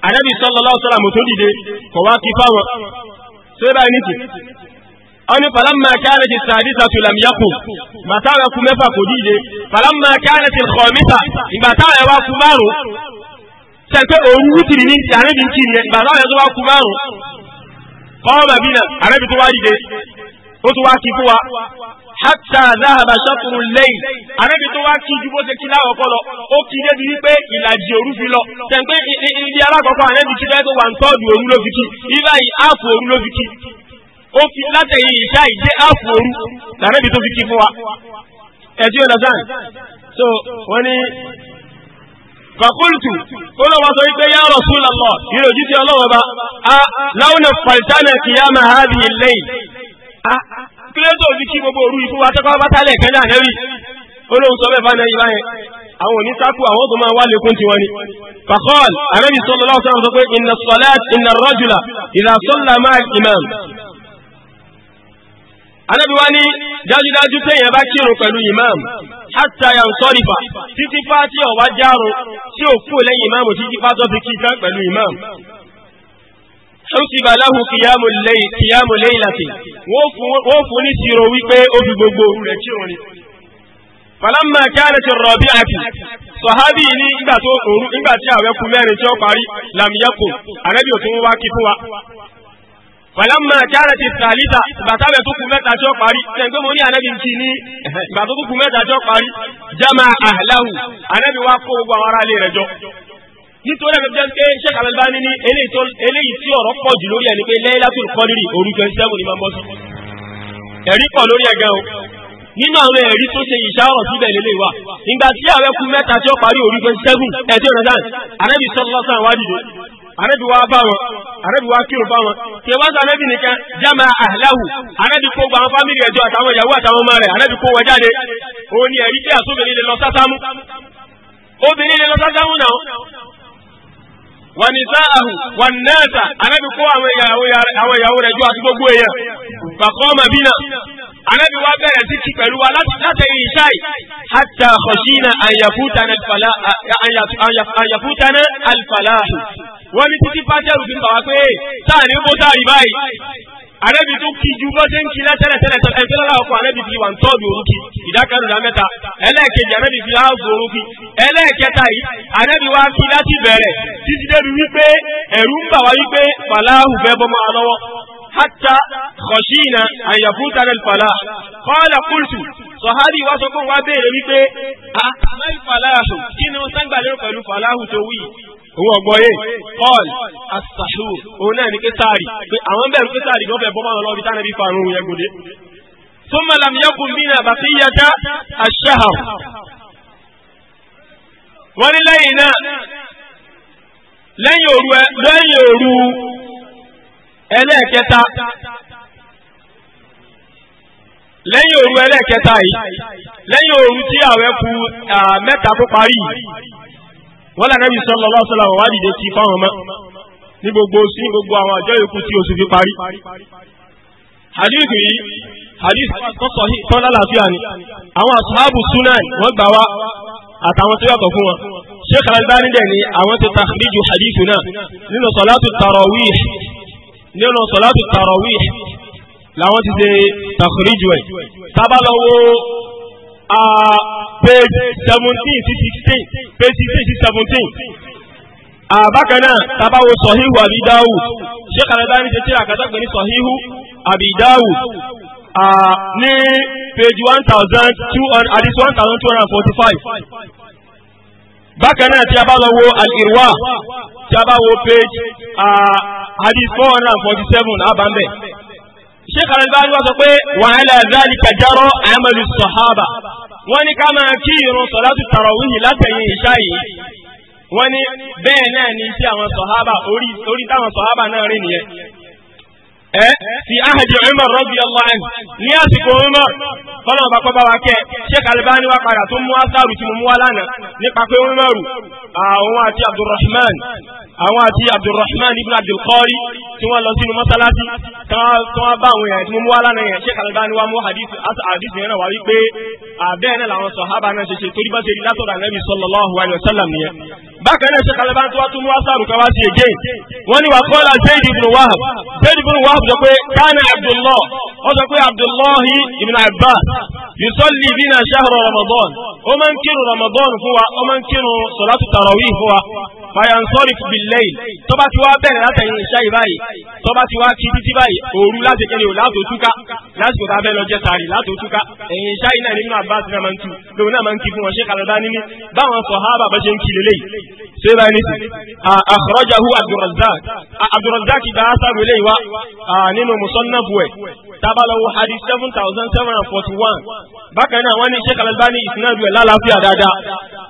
Ànábì sallallahu alaihi wasallam tó dìde kò wá kí fáwọn ṣé báyìí nìkì ọni falamma kanat sadisatu lam yaqum bàtà rẹ kú mẹ́fà kò dìde falamma kanat khomisa ìgbàtà rẹ wá kú márùn sẹpẹ òru wútìrì ní àrẹbí ń kiri yẹn ìgbàtà rẹ tó wá kú márùn kọ́ọ̀mà bínà àrẹbí tó wá dìde ó tún wá kí fún wa hatta zahaba shatru al-layl àrẹ́bí tó wá kí ju bó ṣe kí láwọ̀kọ́ lọ ó kí débi wípé ìlàjì òru fi lọ tẹ̀gbẹ́ ibi alákọ̀ọ́kọ́ àrẹ́bí kí lẹ́gbẹ́ wà ń tọ́jú òru ló fi kí ibà yìí áàfù òru ló fi kí ó fi látẹ̀yìn ìṣá ìdé áàfù òru làrẹ́bí tó fi kí fún wa ẹ̀tí ọ̀dà sáà so wọ́n ní fàkúlùtù ó lọ́wọ́ sọ wípé yá Rasulullah yìí lòjíṣẹ́ ọlọ́wọ́ a láwọn fàìtánà kìyàmà hadhihi al kílẹ̀tò ní kí gbogbo òru ikú wa tẹ́kọ́ bá tálẹ̀ kẹ́lẹ́ ànẹ́rí olóhùn sọ bẹ́ẹ̀ fánà ìbáyẹn àwọn òní sákú àwọn tó máa wá lékún tiwọn ni. fakọ́l àrẹ́bí sọ́lọ́ láwọn sọ́lọ́ sọ pé iná sọ́lá iná rọ́jùlá ìlà sọ́lá máa imam. anábì wá ní dájúdájú téèyàn bá kírun pẹ̀lú imam hatta yan sọ́rífà títí fá tí ọ̀wá járun tí ò kú lẹ́yìn imam títí fá tó fi kí imam kutiba lahu kìyàmù lẹ́yìnlàtì wọ́n fún ní ṣírò wípé ó fi gbogbo òru rẹ̀ kírun ni. falamma kanat ar-rabi'ati sọ̀hábì ní ìgbà tó òru ìgbà tí àwẹ̀ kù mẹ́rin tí ó parí lam yakun àrẹ́bí ò tún wá kí fún wa. falamma kanat ath-thalitha bàtàwẹ̀ tó kù mẹ́ta tí ó parí tẹ̀gbẹ́ mo ti ní ìgbà tó kù mẹ́ta tí ó parí jama nítorí ẹ̀fẹ́ jẹ́ pé Sheikh Al-Albani ní eléyìí tí ọ̀rọ̀ pọ̀ jù lórí ẹni pé Laylatul Qadri òru twenty seven ni máa bọ́ sí. ẹ̀rí pọ̀ lórí ẹ̀gẹ́ o nínú àwọn ẹ̀rí tó ṣe ìṣàrọ̀ síbẹ̀ lélẹ̀ wa ìgbà tí àwẹ̀ kù mẹ́ta tí ó parí òru twenty seven ẹ̀tí ramadan anabi sallallahu alaihi wa dìde anabi wa bá wọn anabi wa kírun bá wọn tí wọ́n nìkan jama ahlahu arabi kó gba àwọn fámìlì ẹ̀jọ́ àtàwọn ìyàwó àtàwọn ọmọ rẹ̀ anabi kó wọn jáde òun ni ẹ̀rí tí àtúbìnrin lè lọ sátámú obìnrin lè lọ sátámú náà wà ní sáàhù wà náàtà anábì kó àwọn ìyàwó rẹ̀ jọ àti gbogbo èèyàn bàkọ́ ọmọ bí náà anábì wá bẹ̀rẹ̀ sí kí pẹ̀lú wa látẹ̀yìn ìṣáì hátà khashina àyàfútaná alfaláhù wọ́n ní títí pátẹ́rù fi ń bà wá pé sáà ní bó sáà rí báyìí àrẹ́bí tó kí ju bọ́ ṣe ń kí lẹ́tẹ̀lẹ̀tẹ̀lẹ̀ tẹ̀lẹ̀ ẹ̀fẹ́ lọ́la ọkọ̀ àrẹ́bí fi wà ń tọ́ọ̀dù orúkí ìdákanùdá mẹ́ta ẹlẹ́ẹ̀kejì àrẹ́bí fi láàbù orúkí ẹlẹ́ẹ̀kẹta yìí àrẹ́bí wá kí láti bẹ̀rẹ̀ títí débi wípé ẹ̀rù ń bà wá wípé pàláhù fẹ́ bọ́mọ́ alọ́wọ́ حتى خشينا أن يفوتنا الفلاح قال قلت صحابي واسقوا وابير بيبي أما الفلاح كنا سنبع لنقل الفلاح توي هو أبوي قال السحور هنا نكتاري أما بير ساري، نوفي بما الله بتانا بيفانو يقول ثم لم يكن بنا بقية الشهر وللينا لن يروا لن يروا ẹlẹ́ẹ̀kẹta lẹ́yìn òru ẹlẹ́ẹ̀kẹta yìí lẹ́yìn òru tí àwẹ̀ kù mẹ́ta kó parí wọ́n lànà bí sọ́lọ́ lọ́sọ́lá wọ́n wá dìde sí fáwọn ọmọ ní gbogbo sí gbogbo àwọn àjọ yòókù tí oṣù fi parí. hadith yìí hadith tọ́sọ̀ tọ́ lálàáfíà ni àwọn asahabu sunan wọ́n gbà wá àtàwọn tó yàtọ̀ fún wọn. sheikh Albani dẹ̀ ni àwọn ti takhriju hadith náà nínú salatu tarawih nínú sọ̀látù tàràwí làwọn ti ṣe tàkìríjù ẹ̀ tábàlọ́wọ́ page seventeen sí sixteen page sixteen sí seventeen bákan náà tábàwọ sọ̀híhù àbí dáwù ṣé kàlẹ́dá ní ṣe tí àkàtàgbẹ̀ ní sọ̀híhù àbí ní page one thousand two hundred at least one thousand two hundred and forty-five bákan náà tí a bá lọ wo al-irwa tí a bá wo page hadith four hundred and forty seven abambẹ sheikh al-Albani wá sọ pé wa ala dhalika jara amalu sahaba wọ́n ní ká máa kí irun salatu tarawih látẹ̀yìn ìṣá yìí wọ́n ní bẹ́ẹ̀ náà ní iṣẹ́ àwọn sahaba orí táwọn sahaba náà rí nìyẹn. في عهد عمر رضي الله عنه نياسك عمر فلما بقى بواكي شيخ الباني وقال ثم أثار ثم مولانا نقاك عمر أواتي عبد الرحمن أواتي عبد الرحمن بن عبد القاري ثم الله سينو مسالاتي ثم باوي ثم مولانا شيخ الباني ومو حديث حديث هنا وعليك بينا لعن صحابة أنا شيخ تولي بسيري لا ترى النبي صلى الله عليه وسلم bákan náà ṣe kalẹ̀ bá ń tó wá tún mú wá sáàrù kan wá sí ègé wọ́n ní wà kọ́lá zayd ibn wahab zayd ibn wahab sọ pé káàní abdullah wọ́n sọ pé abdullahi ibn abbas yusalli bina shahra ramadan ó máa ń kírun ramadan fún wa ó máa ń kírun salatu tarawih fún wa fayansọ́rì bìlẹ́yìn tó bá ti wá bẹ̀rẹ̀ látẹ̀yìn ìṣá yìí báyìí tó bá ti wá kí títí báyìí òru láti kéré o láti òtúká lásìkò tá a bẹ́ẹ̀ lọ jẹ sàárì láti òtúká ẹ̀yìn ìṣá yìí náà nínú àbáàsì náà máa ń tu lóun náà máa ń kí fún wọn ṣé kàlọ́dá níní báwọn sọ ha bàbá ṣe ń kí lélẹ̀ ṣé báyìí nìsí àkọ́rọ́jàhu abdulrazak abdulrazak gba asaru eléyìí wá nínú musannafu ẹ̀ tábàlọ́wọ́ hadith seven thousand seven hundred forty one bákan náà wọ́n ní ṣé kàlọ́dá ní ìsinadu ẹ̀ lálàáfíà dáadáa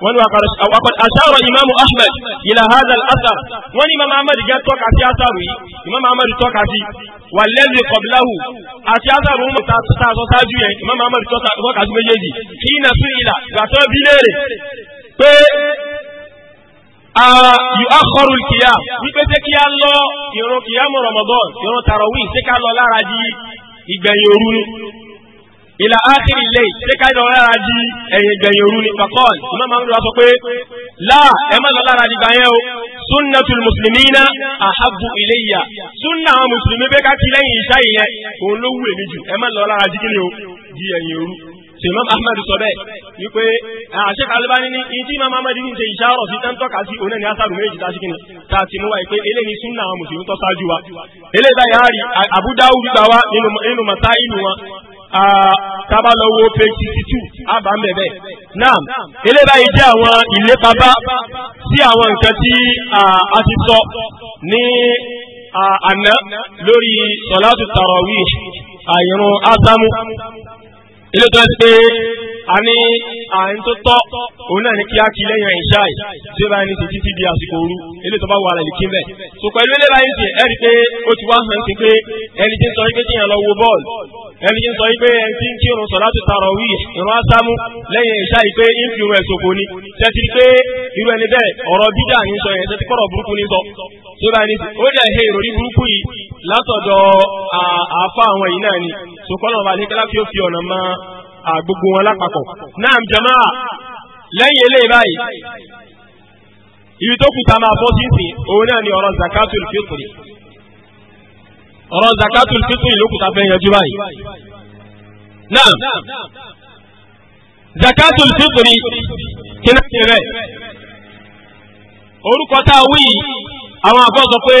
wọ́n ní wàkàrọ̀ àṣàrọ̀ ìmáàmù ahmed y ila hadha al-athar wọ́n ní imam ahmed gẹ́ tọ́ka sí asaru yìí imam ahmed tọ́ka sí wàlẹ́lì kọ̀bláhù àti asaru ọmọ tààtọ sáájú yẹn imam ahmed tọ́ka sí méjèèjì kí iná sí ìlà gbàtọ́ bí léèrè pé yu akọrù kìá wípé ṣé kí a lọ ìrun kìá mọ̀ Ramadan ìrun ṣé ká lọ lára di ìgbẹ̀yìn òru ìlà ákìrì lè ṣe ká ìdọ̀rọ̀ lára di ẹ̀yìn gbẹ̀yìn òru ni fakọ́ọ̀lì ìmọ̀ máa ń lọ sọ pé láà ẹ má lọ lára di gbàyẹn o súnà tún mùsùlùmí iná àhábù ilé ìyà súnà àwọn mùsùlùmí bẹ́ẹ̀ ká ti lẹ́yìn ìṣá ìyẹn òun ló wù èmi jù ẹ má lọ lára di kíni o di ẹ̀yìn òru ṣe Imam Ahmad sọ bẹ́ẹ̀ wípé àṣẹ Albani ní ní tí Imam Ahmad ní ṣe ìṣàrọ̀ sí tán tọ́ka sí onáni asáàrù méjì tá a ṣíkìní tá ti mú wa pé eléyìí súnà àwọn mùsùlùmí tó ṣáájú wa eléyìí báyìí á rí gbà wá nínú masailu wọn Ah, tábàlọ́wọ́ page sixty two àbámẹ́bẹ́ náà eléyìí jẹ́ àwọn ìlépabá sí àwọn nǹkan tí a ti sọ ní àná lórí sọ̀látù tàràwí àyẹ̀rùn ásámú ilé tó ń a ní àyìn tó tọ́ òun náà ní kí á kí lẹ́yìn ìṣá yìí tí ó bá ní ti títí di àsìkò òru ilé tó bá wà lẹ́yìn kí bẹ́ẹ̀. tó pẹ̀lú ilé láyé sí ẹ rí i pé ó ti wá hàn sí pé ẹni tí ń sọ wípé kí yàn lọ wo bọ́ọ̀lù ẹni tí ń sọ wípé ẹni tí ń kí irun sọ̀lá ti tààrọ̀ wí ìran ásámú lẹ́yìn ìṣá yìí pé ń fi irun ẹ̀sùn kò ní tẹ́tí pé irú ẹni bẹ́ẹ̀ ọ̀rọ̀ bídà ní sọ yẹn tẹ́tí kọ̀rọ̀ burúkú ní sọ tó bá ní ó dẹ̀ he ìròyìn burúkú yìí látọ̀dọ̀ àáfà àwọn yìí náà ni sòkòlò ọba àdékẹ́lá fi ó fi ọ̀nà máa gbogbo wọn lápapọ̀ náà jàmáà lẹ́yìn eléyìí báyìí ibi tó kù tá a máa bọ́ sí ìsìn òun náà ni ọ̀rọ̀ zakatul fitri ọ̀rọ̀ zakatul fitri ló kù tá a fẹ́ yanjú báyìí náà zakatul fitri kí ti rẹ̀ orúkọ tá a wí yìí àwọn àbọ̀ sọ pé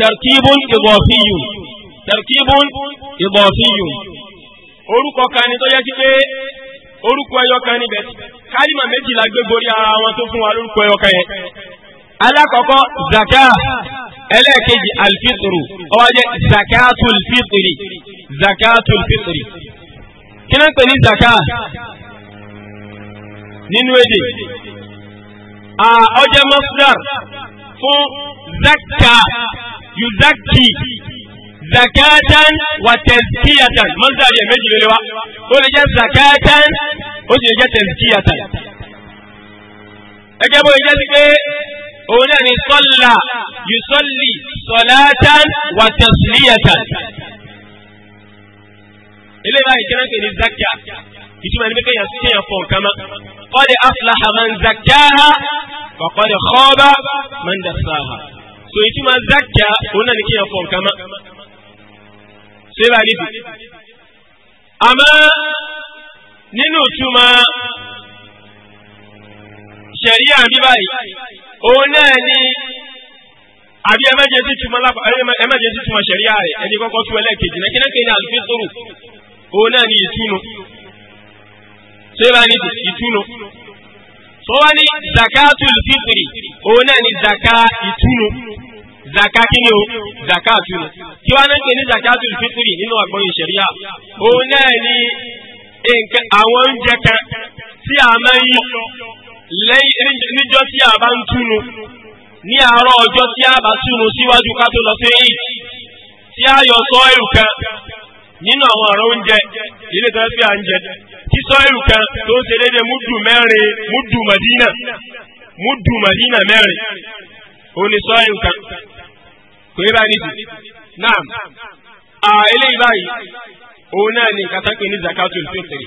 tarkibun idafiyun tarkibun idafiyun orúkọ kan ni tó yẹ sí pé orúkọ ẹyọ kan níbẹ̀ kálímà méjìlá gbé borí ara wọn tó fún wa lórúkọ ẹyọ kan yẹn. alákọ̀ọ́kọ́ zaka ẹlẹ́ẹ̀kejì alfitru ó wá jẹ́ zakatul fitri zakatul fitri. kí ló ń pè ní zaka nínú èdè ó jẹ́ fún zaka yuzaki zakatan wa tazkiyatan mọ́sálì ẹ̀ méjì lólewa ó lè jẹ́ zakatan ó sì lè jẹ́ tazkiyatan. ẹgẹ́ bó lè jẹ́ sí pé òun náà ni sọ́là yusọ́lì sọ́látán wa tasliyatan. ilé ìbáyìí kí wọ́n pè zakia ìtumọ̀ ní pé kéèyàn kéèyàn fọ̀ nǹkan mọ́. qad aflaha man zakkaha wa qad khaba man dassaha. so ìtumọ̀ zakia òun náà ni kéèyàn fọ̀ nǹkan mọ́ ṣé bá níbi. àmọ́ nínú ìtumọ̀ ṣẹ̀ríà bí báyìí òun náà ni àbí ẹmẹ́jẹsí túmọ̀ ṣẹ̀ríà rẹ̀ ẹni kọ́kọ́ tú ẹlẹ́ẹ̀kejì náà kínákè ní àlùfíìsòrò òun náà ni ìtúnu ṣé bá níbi ìtúnu tó wá ní zakatul fitri òun náà ni zaka ìtúnu zaka kíni o zakatu tí wọn ń pè ní zakatul fitri nínú àgbọyìn ṣẹríà òun náà ni nǹkan àwọn oúnjẹ kan tí a máa ń yọ lẹ́yìn níjọ́ tí a bá ń túnu ní àárọ̀ ọjọ́ tí a bá túnu síwájú ká tó lọ sí èyí tí a yọ sọ ẹrù kan nínú àwọn ọ̀rọ̀ oúnjẹ ilé tó ń pè à ń jẹ tí sọ ẹrù kan tó ń ṣe déédéé múdù mẹ́rin múdù màdínà múdù màdínà mẹ́rin òun ni sọ ẹrù kan kò yẹ báyìí nìyí naam eléyìí báyìí òun náà ni nǹkan tán pé ní zakatul fitri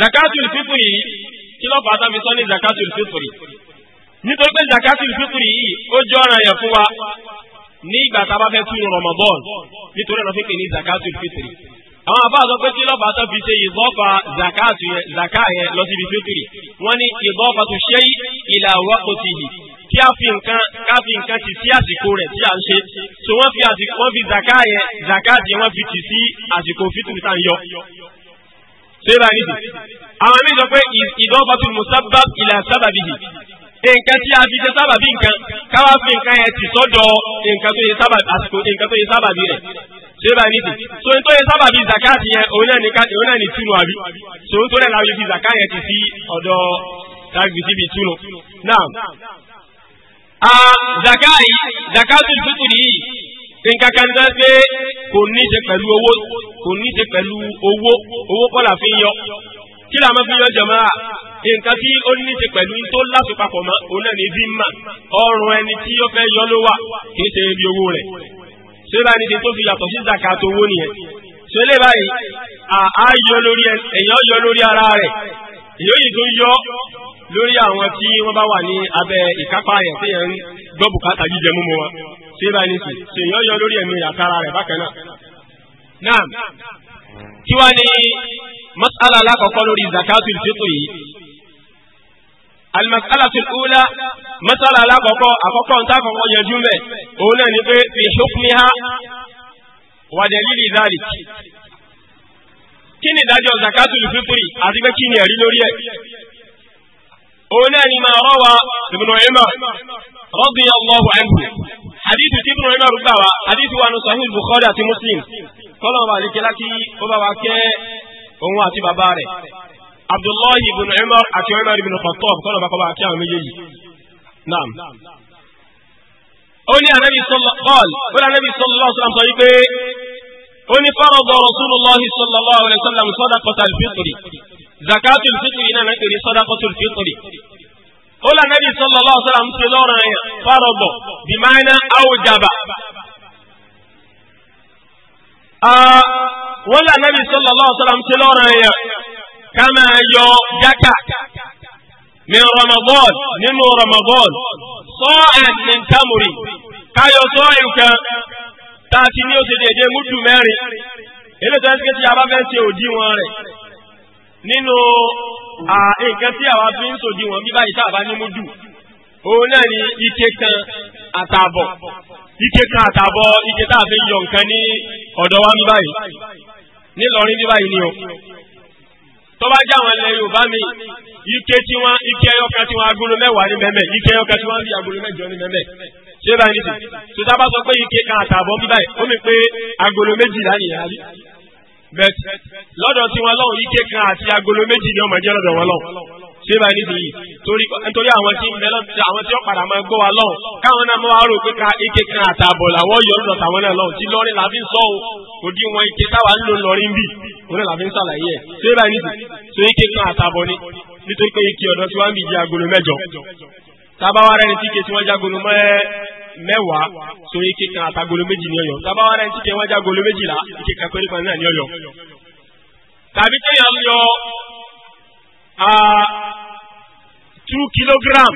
zakatul fitri yìí kí ló fà á tán sọ ní zakatul fitri nítorí pé zakatul fitri yìí ó jẹ́ ọ̀ràn yẹn fún wa ní ìgbà tá a bá fẹ́ tún Ramadan nítorí ọ̀nà fífi ní zakatul fitri àwọn àbá àzọ pé tí lọ́ba tó fi ṣe ìdọ́fà zaka yẹn lọ síbi fítìrì wọ́n ní ìdọ́fà tó ṣe ìlà wákòtìhì kí a fi nǹkan ká fi nǹkan ti sí àsìkò rẹ̀ tí a ń ṣe so wọ́n fi àsìkò wọ́n fi zaka yẹn zaka yẹn wọ́n fi ti sí àsìkò fítìrì tá à ń yọ. ṣé báyìí nìyí àwọn mi sọ pé ìdọ́fà tó musabab ìlà sábàbí yìí nǹkan tí a fi ṣe sábàbí nǹkan nǹkan yẹn ṣé báyìí nìdí so n tó yẹ sábà bíi zakat yẹn òun náà ní òun náà ní túnú àbí so n tó náà láwọn ibi zakat yẹn ti sí ọ̀dọ̀ tàbí síbi túnú náà zakat yìí zakat tó tutù nìyí nǹkan kan tó ṣe kò ní ṣe pẹ̀lú owó kò ní ṣe pẹ̀lú owó owó kọ́ la fi ń yọ kí la máa fi yọ jọ̀mọ́ à nǹkan tí ó ní ṣe pẹ̀lú tó lásùpapọ̀ mọ́ òun náà ní zimma ọrùn ẹni tí ó fẹ́ yọ ló wà kì í ṣe ibi owó rẹ̀ ṣé ni ní tó fi yàtọ̀ sí zakato owó nìyẹn ṣé lè báyìí àá yọ lórí èèyàn yọ lórí ara rẹ̀ èyí tó yọ lórí àwọn tí wọ́n bá wà ní abẹ́ ìkápá yẹn tí yẹn ń gbọ́ bùkátà jíjẹ múmu wọn ṣé báyìí ní sùn ṣe èèyàn yọ lórí ẹ̀mí àtara rẹ̀ bákan náà. náà kí wá ní mas'ala alákọ̀ọ́kọ́ lórí zakatul fitr yìí المسألة الأولى مسألة لا كوكو أكوكو أنت كوكو يجمع أولا نبي في حكمها ودليل ذلك kí ni ìdájọ́ zakatul fitri àti pé kí ni ẹ̀rí lórí ẹ̀ òun náà ni máa rọ́wà ibùdó ẹ̀mà radiyallahu anhu hadithu tí ibùdó ẹ̀mà rúgbà wa hadithu wa nusahil bukhari àti muslim kọ́lọ̀ bá àdìkẹ́lá kí ó bá wa kẹ́ òun àti bàbá rẹ̀ abdullahi ibn umar àti umar ibn khattab kọ́nà bá kọ́ba àti àwọn méjèèjì naam. ó ní anabi sọlọ kọ́ọ̀lù ó ní anabi sọlọ lọ́wọ́ sọlọ sọ wípé ó ní fárọ̀dọ̀ rasulullahi sallallahu alaihi wasallam sadaqatul fitri zakatul fitri náà náà kiri sadaqatul fitri. ó ní anabi sallallahu alaihi wasallam sọ lọ́rọ̀ yẹn fárọ̀dọ̀ bí máyínà áwùjábà ah, wọ́n lé anabi sallallahu alaihi wasallam sọ lọ́rọ̀ yẹn. Kama máa yọ jákà min ramadan nínú ramadan sa'at min tamuri káyọ sọ nǹkan tá a ti ní oṣù déédéé múdù mẹ́rin eléyìí tó ń ṣe tí a bá fẹ́ ṣe òdiwọ̀n rẹ̀ nínú nǹkan tí àwa fi ń ṣòdiwọ̀n bí báyìí tá ní múdù òun náà ni ike kan àtààbọ̀ ike kan àtààbọ̀ ike tá a fi yọ nǹkan ní ọ̀dọ̀ wa ní báyìí nílọrin ní báyìí ni o tó bá já wọn lẹ yorùbá mi ike tí wọn ike ẹyọkan tí wọn agolo mẹ́wàá ní mẹmẹ ike ẹyọkan tí wọn rí agolo mẹ́jọ ní mẹmẹ ṣé báyìí nìyí tó a bá sọ pé ike kan àtààbọ̀ bíbá yìí ó mi pé agolo méjìlá nìyá rí bẹ́ẹ̀ lọ́dọ̀ tí wọn lọ́hùn ike kan àti agolo méjì ni ọmọ lọ́dọ̀ wọn lọ́hùn ṣé bá ní sèyí torí nítorí àwọn tí mẹlọ àwọn tí ó padà máa gbọ́ wa lọ́hùn káwọn náà máa rò pé ká ike kan àtààbọ̀ làwọn yọ lọ́dọ̀ tàwọn náà lọ́hùn tí lọ́rin làbí ń sọ o kò dín wọn ike táwa ń lò lọ́rin bì òun náà làbí ń sàlàyé ẹ̀ ṣé bá ní sèyí so ike kan àtààbọ̀ ni nítorí pé ike ọ̀dọ́ tí wọ́n ń bì jẹ́ agolo mẹ́jọ mẹ́wàá so ike kan àtàgolo méjì ní ọyọ tabawara ẹni tí ike wọ́n jágolo méjìlá ike kan péré kan náà ní ọyọ tàbí tó yàn yọ two kilogram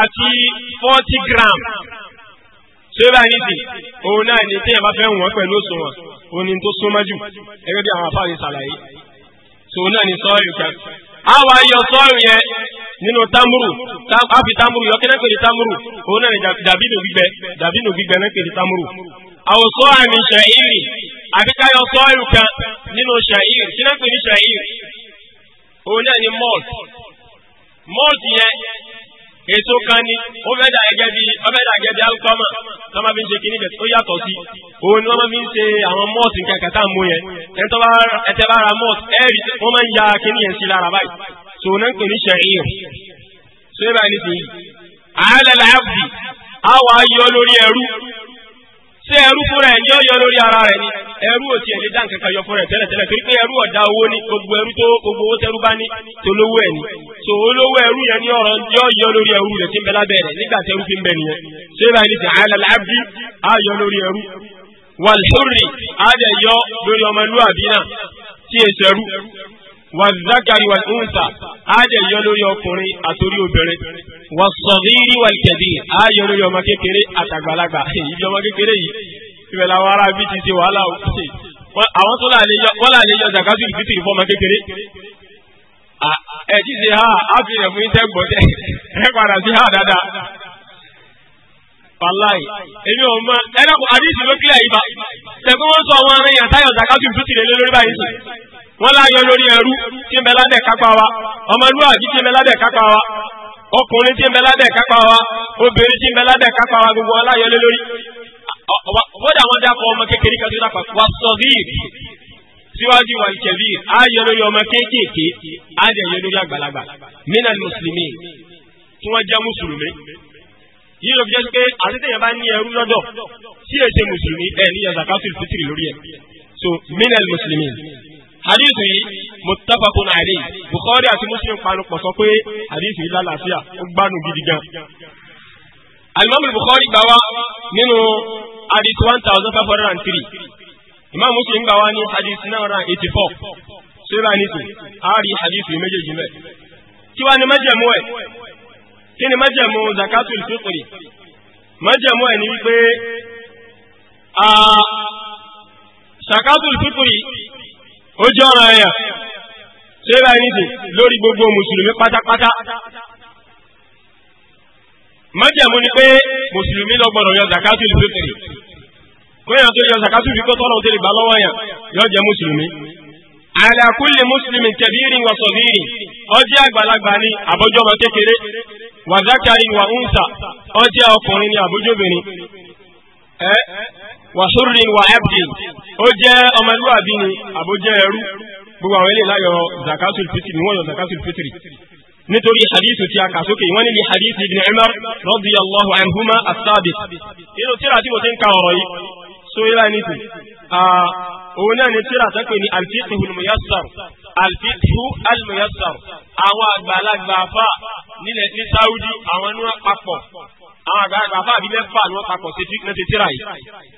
àti forty gram So, nídìí òun náà ní téèyàn bá fẹ́ wọ̀n pẹ̀lú òṣùwọ̀n òun ni tó súnmọ́ jù gẹ́gẹ́ bí àwọn afáàní ṣàlàyé náà ni sọ́ọ̀rì kan a wá yọ sọ́ọ̀rì yẹn nínú tamuru a tamuru yọ kíná pèlè tamuru òun náà ni dàbínú gbígbẹ gbígbẹ náà tamuru sọ́ọ̀rì kan nínú kíná òun e ni malt malt yẹn èso kan ni ó fẹ́ dà gẹ́gẹ́ bí ó fẹ́ dà gẹ́gẹ́ bí tó máa fi ń ṣe kíní yàtọ̀ sí òun ni wọ́n máa fi ń ṣe àwọn malt nǹkan kàtà mú yẹn ẹ̀tẹ́ bá ra malt ẹ̀rì wọ́n máa ń ya kíní yẹn sí lára báyìí so náà ń pè ní so báyìí nísìnyí àádọ́lá àbùdí àwọn ayọ́ ṣé ẹrú fúnra ẹ̀ ní ọ̀yọ́ lórí ara rẹ̀ ni ẹrú ò tiẹ̀ lè dá nǹkan kan yọ fúnra ẹ̀ tẹ́lẹ̀tẹ́lẹ̀ torí pé ẹrú ọ̀dà owó ni gbogbo ẹrú tó gbogbo owó tẹrú bá ní tó lówó ẹ̀ ni tó olówó ẹrú yẹn ní ọ̀rọ̀ yọ yọ lórí ẹrú rẹ̀ tí ń bẹ lábẹ́ nígbà tẹrú fi ń bẹ nìyẹn ṣé báyìí ti àyàlà láàbí ayọ lórí ẹrú wàlúùrì àdẹ̀yọ lórí ọmọlúwàbí náà tí èsẹ̀rú wàzákàrí wà ńsà ájẹ yọ lórí ọkùnrin àtòrí obìnrin wà sọ̀rírí wà kẹ̀dí ájẹ lórí ọmọ kékeré àtàgbàlagbà ìdí ọmọ kékeré yìí ìbẹ̀ làwọn ará bí ti ṣe wàhálà àwọn tó là yọ zakatu fitiri fọmọ kékeré ẹ ti ṣe ha àfihàn fún iṣẹ́ ẹ padà sí ha dáadáa wàláì èmi ò mọ ẹ àdìsí ló kílẹ̀ yìí bá wọn sọ fitiri lórí báyìí wọ́n láyọ lórí ẹrú tí ń bẹ lábẹ́ kápá wa ọmọlúwàbí tí ń bẹ lábẹ́ kápá wa ọkùnrin tí ń bẹ lábẹ́ kápá wa obìnrin tí ń bẹ lábẹ́ kápá wa gbogbo aláyọ lé lórí. bọ́dà wọn dákọ̀ ọmọ kékeré kan tó dákọ̀ wá sọ́víìr síwájú wa ìṣẹ̀víìr ayọ lórí ọmọ kéékèèké ayọ lórí àgbàlagbà mínà mùsùlùmí tí wọ́n jẹ́ mùsùlùmí yìí ló fi jẹ́ pé àtẹ̀tẹ̀yẹ bá ní ẹrú lọ́dọ̀ tí èsè mùsùlùmí ẹ̀ níyàn zakatul fitiri lórí ẹ̀ so mínà mùsùlùmí hadith yìí muttafaqun alayhi bukhari àti muslim panupọ̀ sọ pé hadith yìí lálàáfíà ó gbádùn gidi gan. alimami bukhari gbà wá nínú hadith one thousand five hundred and three imam muslim gbà wá ní hadith nine hundred and eighty four sera nisun a hadith yìí méjèèjì mẹ́. kí wàá ní májẹ̀mú ẹ̀ kí ni májẹ̀mú zakatul fitri májẹ̀mú ẹ̀ ni wípé zakatul fitri. ó jẹ́ ọ̀ràn ya ṣé báyìí nìṣe lórí gbogbo mùsùlùmí pátápátá májẹ̀mú ni pé mùsùlùmí ló yọ zakatul fitri kóyàn tó yọ zakatul fitri kótó tó lè gbà lọ́wọ́ yàn yọ jẹ́ mùsùlùmí. ala kulli muslimin kabirin wa sagirin ọjẹ́ àgbàlagbà ni àbójọ́mọ kékeré wà zakarin wà ọjẹ́ ọkùnrin ni wàsúrì wà ẹ́pì ó jẹ́ ọmọlúwàbí ni àbójẹ́ ẹrú gbogbo àwọn ilé láyọ̀ zakatul fitri ni wọ́n yọ zakatul fitri nítorí hadithu tí a kà sókè wọ́n ní hadith ibn umar radiyallahu anhuma as-sabiq inú tíra tí mo ti ń ka ọ̀rọ̀ yìí so ilá ní tù òun náà ní tíra tó pè ní alfiqhu al-muyassar alfiqhu al àwọn àgbàlagbà afa nílẹ̀ ní saudi àwọn ní wọn àwọn àgbàlagbà afa àbí mẹ́fà ní wọn papọ̀ sí tíra yìí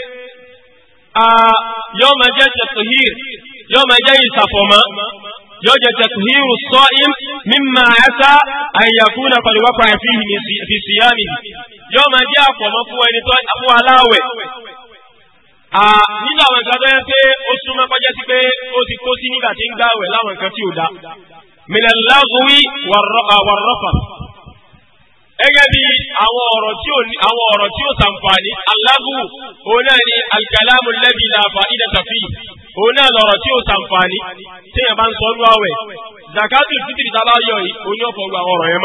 yóò máa jẹ́ tẹ̀kùhìr yóò máa jẹ́ ìsàfọ̀mọ́ yóò jẹ́ tẹ̀kùhìr sọ́ìm mímọ̀ àyàtà àyàkúnà pàdùwápà fi síyámi yóò máa jẹ́ àfọ̀mọ́ fún ẹni tó fún aláwẹ̀. nínú àwọn nǹkan tó yẹ pé ó súnmọ́ pẹ́jẹ́ sí pé gẹ́gẹ́ bí àwọn ọ̀rọ̀ tí ó àwọn ọ̀rọ̀ tí ó sàǹfààní alágù òun náà ni alkalamu lẹ́bi làbà ìdàtàfì òun náà lọ̀rọ̀ tí ó sàǹfààní tí yẹn bá ń sọ ọdún àwẹ̀ zakatu fitiri tá a bá yọ yìí òun yóò fọwọ́ àwọn ọ̀rọ̀ yẹn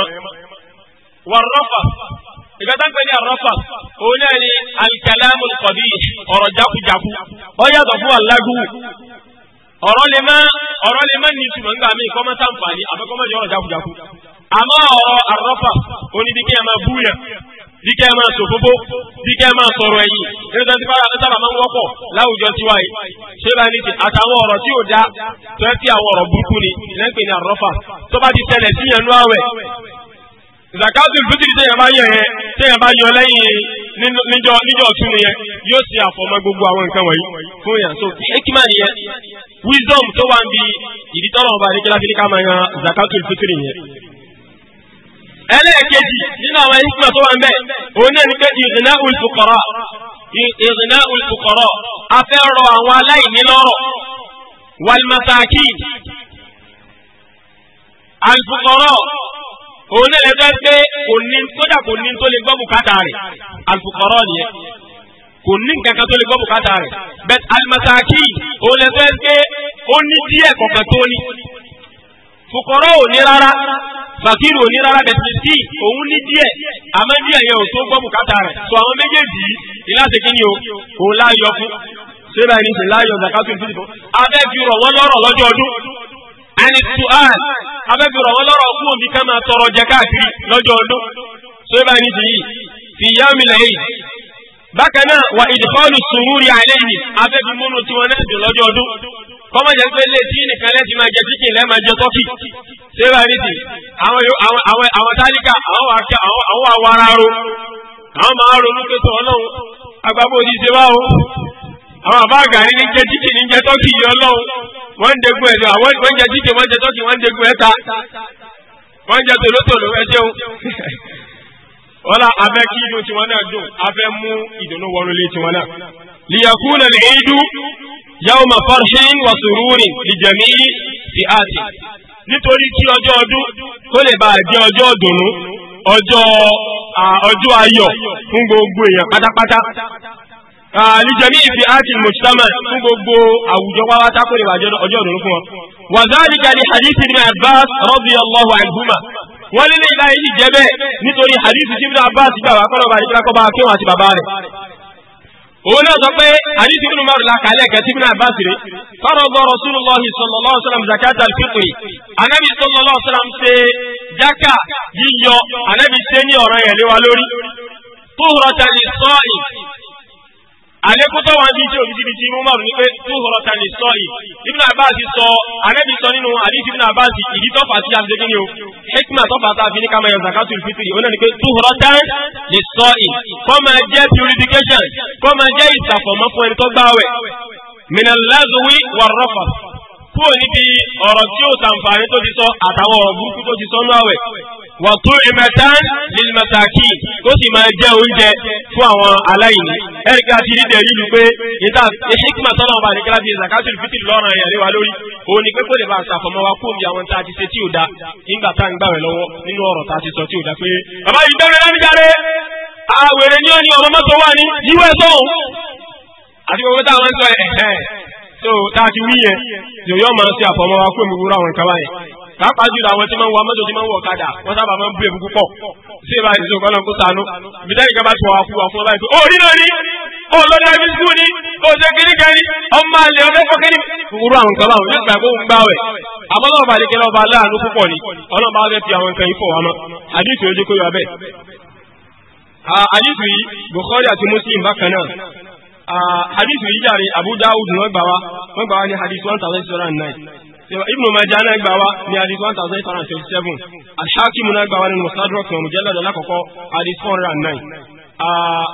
àmọ́ ọ̀rọ̀ àrọ́fà onídìkẹ́ ẹ̀ máa búyà díkẹ́ máa sòfófó díkẹ́ máa sọ̀rọ̀ ẹ̀yìn nígbà tí sábà máa ń wọ́pọ̀ láwùjọ tiwa yìí ṣé bá ní ti àtàwọn ọ̀rọ̀ tí ò dá tó àwọn ọ̀rọ̀ burúkú ni lẹ́ńpẹ̀ ní àrọ́fà tó bá ti ṣẹlẹ̀ sí yẹn nú àwẹ̀ zakatul fitiri tẹ̀yàn bá yẹn tẹ̀yàn bá yọ lẹ́yìn níjọ ọ̀tún nìyẹn yóò ṣe àfọmọ́ gbogbo àwọn nǹkan wọ̀nyí fún yàn so ekima nìyẹn wisdom tó wà ń bi ìdítọ́rọ̀ ọba àdékẹ́lá fi ní ká máa yan zakatul fitiri yẹn ẹlẹ́ẹ̀kejì nínú àwọn ìsìnkú tó wà ń bẹ̀ òun náà ní pé ìrìnà olùfukọ̀rọ̀ ìrìnà olùfukọ̀rọ̀ afẹ́ rọ àwọn aláìní lọ́rọ̀ wàlmàtàkì alùfukọ̀rọ̀ òun náà lẹ́gbẹ́ pé kò ní kódà kò ní tó lè gbọ́ bùkátà rẹ̀ alùfukọ̀rọ̀ nìyẹn kò ní nǹkan tó lè gbọ́ bùkátà rẹ̀ bẹ́ẹ̀ alùmàtàkì òun lẹ́gbẹ́ pé ó ní díẹ̀ kọ̀ọ̀kan tó ní fukọrọ ò ní rárá fàkírù ò ní rárá bẹ̀sẹ̀ òun ní díẹ̀ àmọ́ díẹ̀ yẹn ò tó gbọ́ bùkátà rẹ̀ tó àwọn méjèèjì ìlàsẹ̀ kí ni o kò láyọ̀ fún sébà ní sè láyọ̀ zakatu fífò abẹ́fi rọ̀ wọ́n lọ́rọ̀ lọ́jọ́ ọdún ẹni tu án abẹ́fi rọ̀ wọ́n lọ́rọ̀ kú omi ká máa tọrọ jẹ káàkiri lọ́jọ́ ọdún sébà ní sè yìí fi yá mi lẹ́yìn bákan náà wà ìdíkọ́lù sùúrù rí àlẹ́ yìí abẹ́fi múnú tiwọn náà dùn lọ́jọ́ ọdún kọ́mọ̀ jẹ́ pé lè tí nìkan lẹ́sì máa jẹ chicken lẹ́ẹ̀ máa jẹ tọ́kì sẹ́wà nìtì àwọn tálíkà àwọn àwara ro àwọn máa ronú pé tó ọlọ́run agbábọ̀ òjì ṣe wá o àwọn àbá àgàrí ní jẹ chicken ní jẹ tọ́kì yìí ọlọ́run wọ́n ń degun ẹ̀dọ̀ àwọn wọ́n jẹ chicken wọ́n jẹ tọ́kì wọ́n ń ẹ̀ta wọ́n jẹ tòlótòló ẹ jẹun wọ́lá abẹ́ kí ìdùn tiwọn náà dùn abẹ́ mú ìdùnnú wọnú tiwọn náà يوم فرح وسرور لجميع فئاته nítorí kí ọjọ́ ọdún kó lè bá jẹ́ ọjọ́ ọdùnnú ọjọ́ ọjọ́ ayọ̀ fún gbogbo èèyàn pátápátá lìjẹ̀mí ìfi àti mùsùlùmá fún gbogbo àwùjọ pátápátá kó lè bá jẹ́ ọjọ́ ọdùnnú fún wọn. wàzáàlìkà ni hadith ibn abbas radiyallahu anhuma wọ́n lé ní ìlànà yìí jẹ́ bẹ́ẹ̀ nítorí hadith ibn abbas gbà wá kọ́lọ́ bá ìjọba kọ́ bá òun náà sọ pé àdìsí bínú márùn làkàlẹ̀ kẹsí bínú àbáṣiré fárọgbọ rasulullahi sallallahu alaihi wasallam zakat alfitri anabi sallallahu alaihi wasallam ṣe jákà yíyọ anabi ṣe ní ọ̀ràn yẹn léwa lórí tó rọta lè àlékún tó wà ń bí tí òbí síbi tí Umar ní pé tó sọ̀rọ̀ ta lè sọ yìí Ibn Abbas sọ àrẹ́bí sọ nínú àdìsí Ibn Abbas ìdí tọ́fà sí àti ṣẹ́gi ni o hekima tọ́fà tá a fi ní ká máa yọ zakatu fitiri ó náà ni pé tó sọ̀rọ̀ ta lè sọ yìí kọ́ máa jẹ́ purification kọ́ máa jẹ́ ìsàfọ̀mọ́ fún ẹni tó gbáwẹ̀ minalazuwi wa rọ́fà kúrò níbi ọ̀rọ̀ tí ó sàǹfààní tó ti sọ àtàwọn ọ̀rọ̀ burúkú tó ti sọ ní àwẹ̀ wà tó ìmẹ̀tán lílmẹ̀tàkì tó sì máa jẹ́ oúnjẹ fún àwọn aláìní ẹ̀ríkà ti dídẹ̀ yìí pé ìta ìṣíkìmọ̀ tọ́lá ọba ní kíláàsì ìzàkátì fìtì lọ́rùn ẹ̀yà léwa lórí òun ni pé kó lè bá aṣàfọmọ wa kó mi àwọn tá a ti ṣe tí ò da nígbà tá à ń gbà rẹ̀ lọ́wọ́ nínú ọ̀rọ̀ tá a ti sọ tí ò da pé bàbá yìí dẹ́rẹ́ lẹ́nu jáde àwèrè ní ọ ní mọ́tò wà ní so táàkì wíyẹ yòyọ́ máa ń ṣe àfọmọ́ wa kó èmi wúrọ̀ àwọn nǹkan báyìí pàápàá jùlọ àwọn tí máa ń wọ amọ́jọ́ tí máa ń wọ ọ̀kadà wọ́n sábà máa ń bú èmi púpọ̀ sí ìbá ìṣòro kan náà kó sànú bìtẹ́yì kan bá ti wà fún wa fún ọ báyìí pé ó rí náà ní ó lọ ní ẹbí sùkúù ní ó ṣe kiri kẹri ọmọ àlè ọmọ ẹ̀kọ́ kiri. wúrọ̀ àwọn nǹkan báwọn nígbà kó ń gbá wẹ̀ àmọ́ lọ́wọ́ balẹ̀ kẹ́lẹ́ ọba aláàánú púpọ̀ ni ọlọ́run bá fẹ́ fi àwọn nǹkan yìí fọ̀ wá mọ́ àdìsí ojú kó yọ abẹ́. àdìsí ah, yìí Bukhari àti Muslim bákan náà Ah, hadith yìí jàre Abu Dawud wọ́n gbà wá wọ́n gbà wá ní hadith one thousand six hundred and nine Ibn Majah náà gbà wá ní hadith one thousand eight hundred and twenty seven Al-Hakim náà gbà wá ní Mustadrak wọn mujallad alákọ̀ọ́kọ́ hadith four hundred and nine. Ah,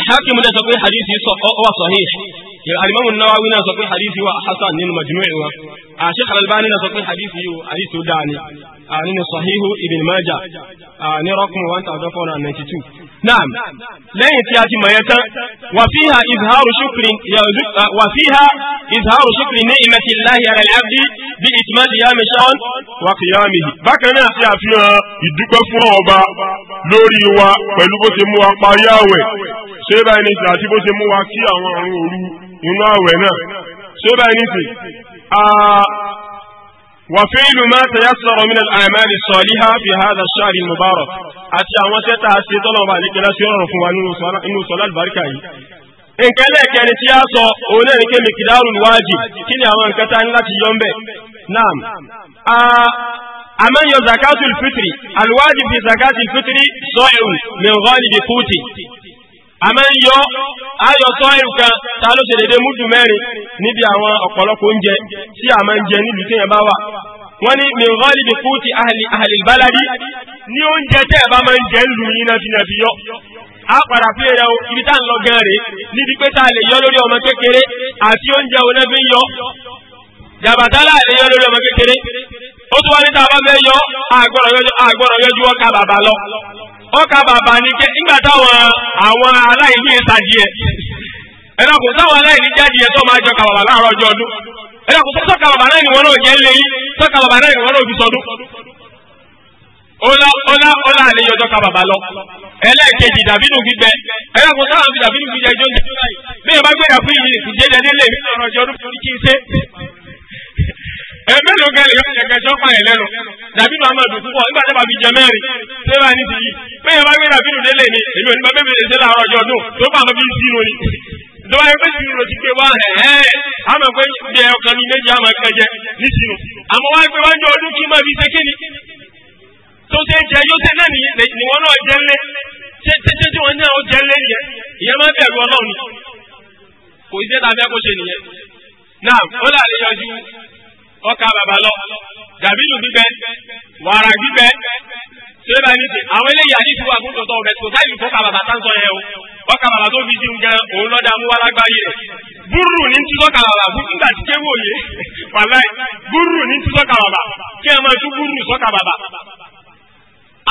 Al-Hakim náà sọ pé hadith yìí wà sahih Al-Imam an-Nawawi náà sọ pé hadith yìí wà hasan nínú Majmu' wa ah, Sheikh al náà sọ pé hadith yìí hadith tó dáa ni nínú Sahihu Ibn Majah ní rọ́kùn one thousand four hundred and ninety two naam lẹ́yìn tí a ti mọ̀ yẹn tán wà fíhà ìzhàrù ṣùkùrì wà fíhà ìzhàrù ṣùkùrì ní ìmẹ̀tì láhì ara ìyáàbí bí ìtìmọ́lì yá mẹ́ṣán wà kìyàmì. bákan náà ṣe àfihàn ìdúpẹ́ fún ọba lórí wa pẹ̀lú bó ṣe mú wa parí àwẹ̀ ṣé báyìí ní ìsìn àti bó ṣe mú wa kí àwọn àrùn òru inú àwẹ̀ náà ṣé báyìí ní ìsìn وفعل ما تيسر من الأعمال الصالحة في هذا الشهر المبارك أتي أن وسيطة أسيطة الله عليك لا سيرا رفوا إنه صلاة البركة إن كان لك يعني تياسة أولئك مقدار الواجب كني أوان كتان لك يوم بي نعم أمن زكاة الفطر الواجب في زكاة الفطر صائع من غالب قوتي àmọ́ ń yọ ayọ̀ tọ́ ẹrù kan ta ló ṣe dédé múdù mẹ́rin níbi àwọn ọ̀pọ̀lọpọ̀ oúnjẹ tí a máa ń jẹ nílùú téèyàn bá wà wọ́n ní mìíràn ibi kú ti ahàlì báládì ní oúnjẹ tẹ́ ẹ̀ bá máa ń jẹ ń lù yín náà fi náà fi yọ a padà fi rẹ̀ ibi tá ń lọ gan rè níbi pé tá lè yọ lórí ọmọ kékeré àti oúnjẹ òun náà fi ń yọ jàbàtà láà lè yọ lórí ọmọ kékeré ó tún wá ní ọkà bàbà ní jẹ́ nígbà táwọn àwọn aláìní ìsàdìẹ ẹ̀dàkùn táwọn aláìní jáde ẹ̀ tó máa jọ kàbàbà láàárọ̀ ọjọ́ ọdún ẹ̀dàkùn tó sọ́kà bàbà náà ni wọ́n náà jẹ́ ń léyìn sọ́kà bàbà náà ni wọ́n náà fi sọdún. ọlá ọlá ọlá àlejò ọjọ́ ká bàbà lọ ẹlẹ́ẹ̀kejì dàbínú gbígbẹ ẹ̀dàkùn táwọn fi dàbínú gbígbẹ jọ jẹ́ bí ẹ bá gbéra fún yìí ìjẹ́ jẹ́ nílé mi láàárọ̀ ọjọ́ ọdún kí n ṣe. ẹ̀mẹ́ ló gẹ̀lẹ́ yọ bẹ́ẹ̀ bá gbé dàbí ìrùdé lè èmi ò ní bá bẹ́ẹ̀ bẹ́ẹ̀ ṣe láàárọ̀ ọjọ́ ọdún tó bá àwọn fi ń sínú ni. ìjọba yẹn pé sínú ló ti gbé wá ẹ̀ ẹ́ àmọ̀ pé bí ẹ ọkàn mi méjì àmọ̀ kan jẹ ní sínú. àmọ́ wá pé wájú ọdún kí n máa fi ṣe kí ni. tó ṣe jẹ yóò ṣe náà ni wọn náà jẹ lé ṣé ṣé tí wọn náà ó jẹ lé yẹn ìyẹn máa bẹ̀rù ọlọ́run kò sí tẹ́ta fẹ́ kó ṣe nìyẹn. náà ó lè àlejò ọkà bàbá lọ dàbí ìlú gbígbẹ wàrà gbígbẹ ṣé báyìí ní ti àwọn eléyìí àdìsí wà fún tòótọ́ ọbẹ̀ tó sáyìí fún kàbàbà tá ń sọ yẹn o wọ́n kàbàbà tó fi di ń gan òun lọ́dà mú wá lágbáyé rẹ̀ búrú ní títọ́ kàbàbà fún nígbà tí kéwò yé wàláì búrú ní títọ́ kàbàbà kí ẹ máa tún búrú sọ kàbàbà.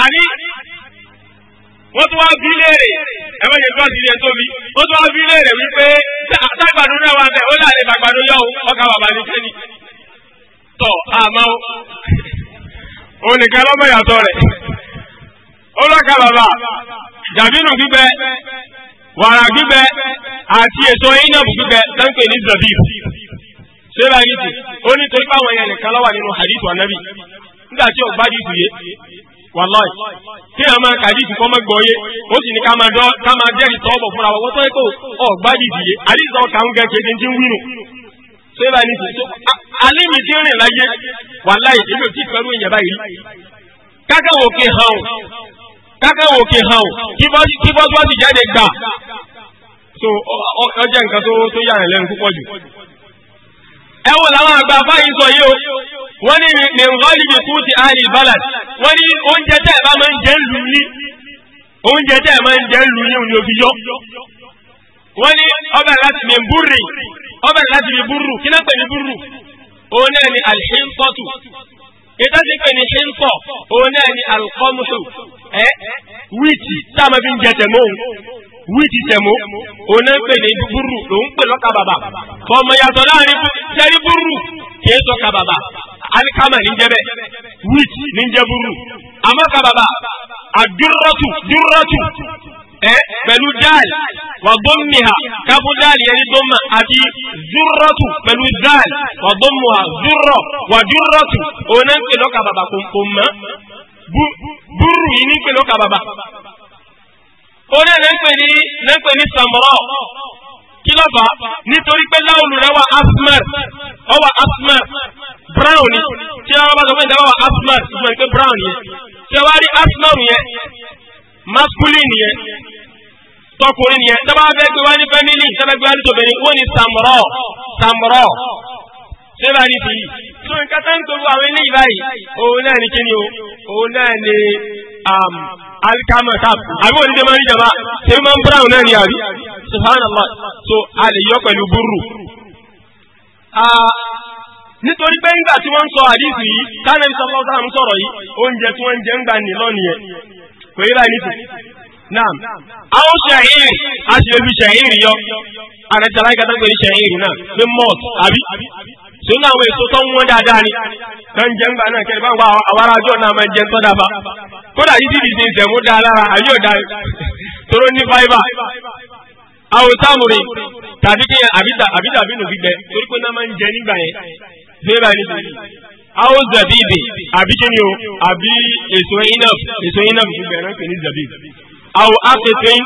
àní wọ́n tún wá bí léèrè ẹ̀wọ́n yẹn gbọ́ sí ilé tóbi wọ́n tún wá bí léèrè wípé tágbàdo náà wà bẹ́ẹ̀ ó ní kéni tọ́ ìyàtọ̀ rẹ̀. olaka bàbà dàbínú gbígbẹ wàrà gbígbẹ àti gbígbẹ ṣé ti ó ní torí pé àwọn nìkan ló nínú hadithu anabi nígbà tí ọgbà yé kí ẹ máa gbọ́ yé ó sì ní ká máa dọ́ ká máa ọ̀bọ̀ fúnra wa tó yẹ kó ọgbà dìtù yé gẹ kéde ń ti ń wínú ṣé báyìí ti rìn láyé tí kákàwò òkè hàn ó kí bọ́sibọ́sì jáde gbà so ọjọ́ nǹkan tó yàrá lẹ́nu púpọ̀ jù. ẹ wò làwọn àgbà báyìí sọ yìí o wọ́n ní nìkọ́lìbì kú ti àlè balad wọ́n ní oúnjẹ tẹ́ ẹ bá máa ń jẹ́ lù ní oúnjẹ tẹ́ ẹ máa ń jẹ́ lù ní òun ni yọ. wọ́n ní ọbẹ̀ láti mi búrì ọbẹ̀ láti mi búrù kí náà pè mí búrù òun náà ni àlè ń tọ́tù ìta ti pè ní ṣínkọ̀ òun náà ni alkọ́mùsù ẹ́ wíìtì táàmù fi ń jẹ tẹ̀mọ́ òun wíìtì tẹ̀mọ́ òun náà ń pè ní búrú lòun pè lọ́ka bàbà kọ̀ọ̀mù yàtọ̀ láàrin sẹ́rí búrú kìí sọ kababa alikama ní jẹ́ wíìtì ní jẹ́ búrú àmọ́ kababa àdúrọ́tù dúrọ́tù Eh, pẹ̀lú dáàlì wà dọ́mìhà kábù dáàlì ẹni dọ́mà àti zúrọ́tù pẹ̀lú dáàlì wà dọ́mùhà zúrọ̀ wà júrọ́tù òun náà ń pè lọ́kà bàbà kò kò mọ́ búrú yìí ní pè lọ́kà bàbà. òun náà ń pè ní ń pè ní sàmọ́rọ̀ kí ló fà á nítorí pé láwùlù rẹ wà asmer ọ asmer brown ni tí wọ́n bá sọ pé ìdáwọ́ wà asmer ṣùgbọ́n ìpè brown yẹn ṣé wàá rí asmer yẹn masculine nìyẹn tọkùnrin nìyẹn tọ́ba fẹ́ gbé wá ní family tọ́ba gbé wá ní tòbẹ̀rẹ̀ wọ́n ní sàmúrọ̀ sàmúrọ̀ ṣé bá ní tìyí. tó nǹkan tá ń gbogbo eléyìí báyìí òun náà ní kíni o òun náà ní um, alikama tab àbí wọ́n ní dẹ́mọ́ níjàmbá tèmi máa ń brown náà ní àbí subhanallah so a lè yọ pẹ̀lú búrú nítorí pé ńgbà tí wọ́n ń sọ àdìsí yìí tánàbí sọ́kọ́ sáà ń sọ̀rọ̀ yìí oúnjẹ tí wọ́n jẹ ńgbà nìlọ́ọ̀nì yẹn kò yí báyìí nìtì naam àwọn ṣẹ̀hìn a sì lè fi ṣẹ̀hìn yọ àrẹ̀tí aláìkàtà pé ní ṣẹ̀hìn náà pé mọ́ọ̀t àbí sínú àwọn èso tó ń wọ́n dáadáa ni náà ń jẹ́ ńgbà náà kẹ́lẹ́ báwọn àwọn àjọ náà máa ń jẹ́ ń tọ́ dábàá kódà yìí ti dìde ìtẹ̀mú dáa lára àyè ọ̀dà tóró ní fáìbà àwòtámùrin tàbí kí àbídàbínú gbígbẹ torí pé náà máa ń jẹ nígbà yẹn awo zabibi àbí kí ni o àbí èso inaf èso inaf gbígbẹ náà ń ní zabibi awo afẹ́fẹ́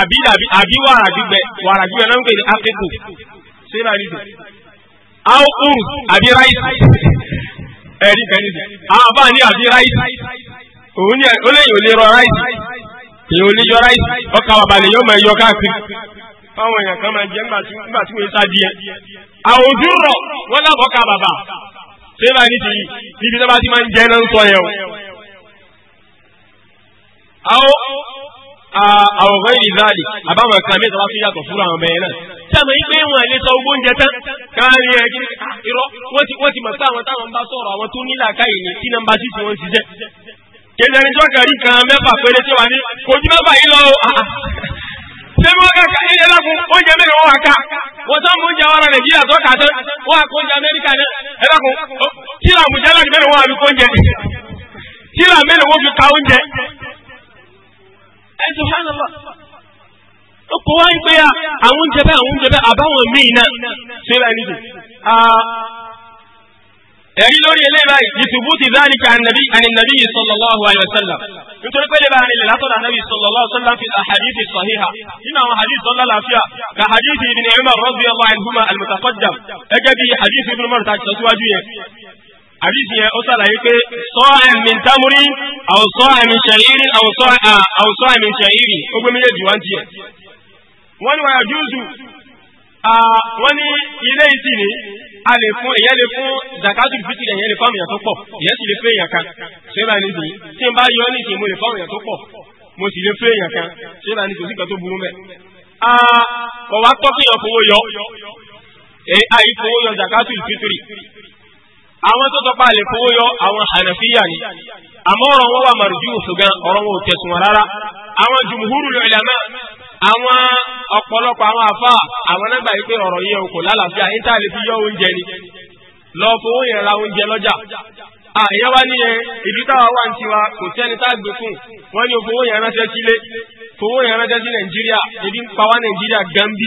abi àbí abi wàrà gbígbẹ wàrà gbígbẹ náà ń pè ní afẹ́kù ṣé náà ní sè awo urs àbí ráìsì ẹ̀rí kan ní sè àwọn bá ní àbí ráìsì òun ni ó lẹ́yìn ò lè rọ ráìsì èyàn ò lè yọ ráìsì ọkà wàbàlẹ̀ yóò máa yọ káàkiri fáwọn èèyàn kan máa jẹ́ ńgbà tí wọ́n ń sá díẹ̀ àwòdúrọ̀ wọ́n lábọ̀ ká bàbà ṣé bá ní tìyí níbi tó bá ti máa ń jẹ́ náà ń sọ yẹn o. àwọn àwòrán yìí záàlì àbáwọn kan mi tọ́lá tún yàtọ̀ fúnra àwọn ọmọ yẹn náà. sábà yìí pé wọn lè sọ ogbóúnjẹ tán káàárín ẹ kí irọ́ wọ́n ti wọ́n ti mọ̀ pé àwọn táwọn bá sọ̀rọ̀ àwọn tó nílà káyìí ní tí nàmbá sísè wọn ṣiṣẹ́. kejìlẹ́ni tó kẹrí kan mẹ́fà péré tí wà ní kò mẹ́fà yìí lọ ṣé wọ́n kà wọ́n tó ń mú jẹ ọ̀rọ̀ nàìjíríà tó kà tán wọ́n á kóúnjẹ amẹ́ríkà náà ẹ dákun tíra àmújẹ náà mẹ́rin wọ́n á fi kóúnjẹ tíra mẹ́rin wọ́n fi ka oúnjẹ. ẹ subhanallah ó kó wáyé pé àwọn oúnjẹ bẹ́ẹ̀ àwọn oúnjẹ bẹ́ẹ̀ àbáwọn míì náà ṣé báyìí nìyí ẹ̀rí lórí eléyìí báyìí ìtùbú ti dáni ka ànàbí ànàbí yìí sallallahu alayhi wa sallam nítorí pé lébà ànàbí látọ̀dọ̀ ànàbí sallallahu alayhi wa sallam fi àhàdìsì sahiha nínú àwọn àhàdìsì ọ̀la làáfíà ka àhàdìsì ibn Umar radiyallahu anhuma al-mutaqaddam ẹgẹ́ bí àhàdìsì ibn Umar tàbí sọ́síwájú yẹn àdìsí yẹn ó ṣàlàyé pé sọ ẹ̀mí támúrí àwòsọ ẹ̀mí ẹ̀mí ṣẹ̀yìrì wọ́n ní ilé a lè fún èyàn lè fún zakatul fitr èyàn lè fáwọn tó pọ̀ èyàn sì lè fún èyàn kan ṣé bá ní tí n bá yọ ní sìn mo lè fáwọn ya tó pọ̀ mo sì lè fún kan ṣé bá tó burú mẹ́. yọ fowó yọ tó tọpa lè yọ àwọn hànàfíyà ni àmọ́ ọ̀rọ̀ wọn wà ọ̀rọ̀ wọn ò tẹ̀sùn rárá àwọn jùmùhúrù àwọn ọ̀pọ̀lọpọ̀ àwọn àfa àwọn nágbà yìí pé ọ̀rọ̀ yẹn kò lálàáfíà yín táà lè fi yọ oúnjẹ ni lọ fowó yẹn ra oúnjẹ lọ́jà àyẹ́ wá ní yẹn ìlú táwa wà ń tiwa kò sẹ́ni tá gbé fún wọ́n ní fowó yẹn ránṣẹ́ sílé fowó yẹn ránṣẹ́ sí nàìjíríà ebi ń pa wá nàìjíríà gambi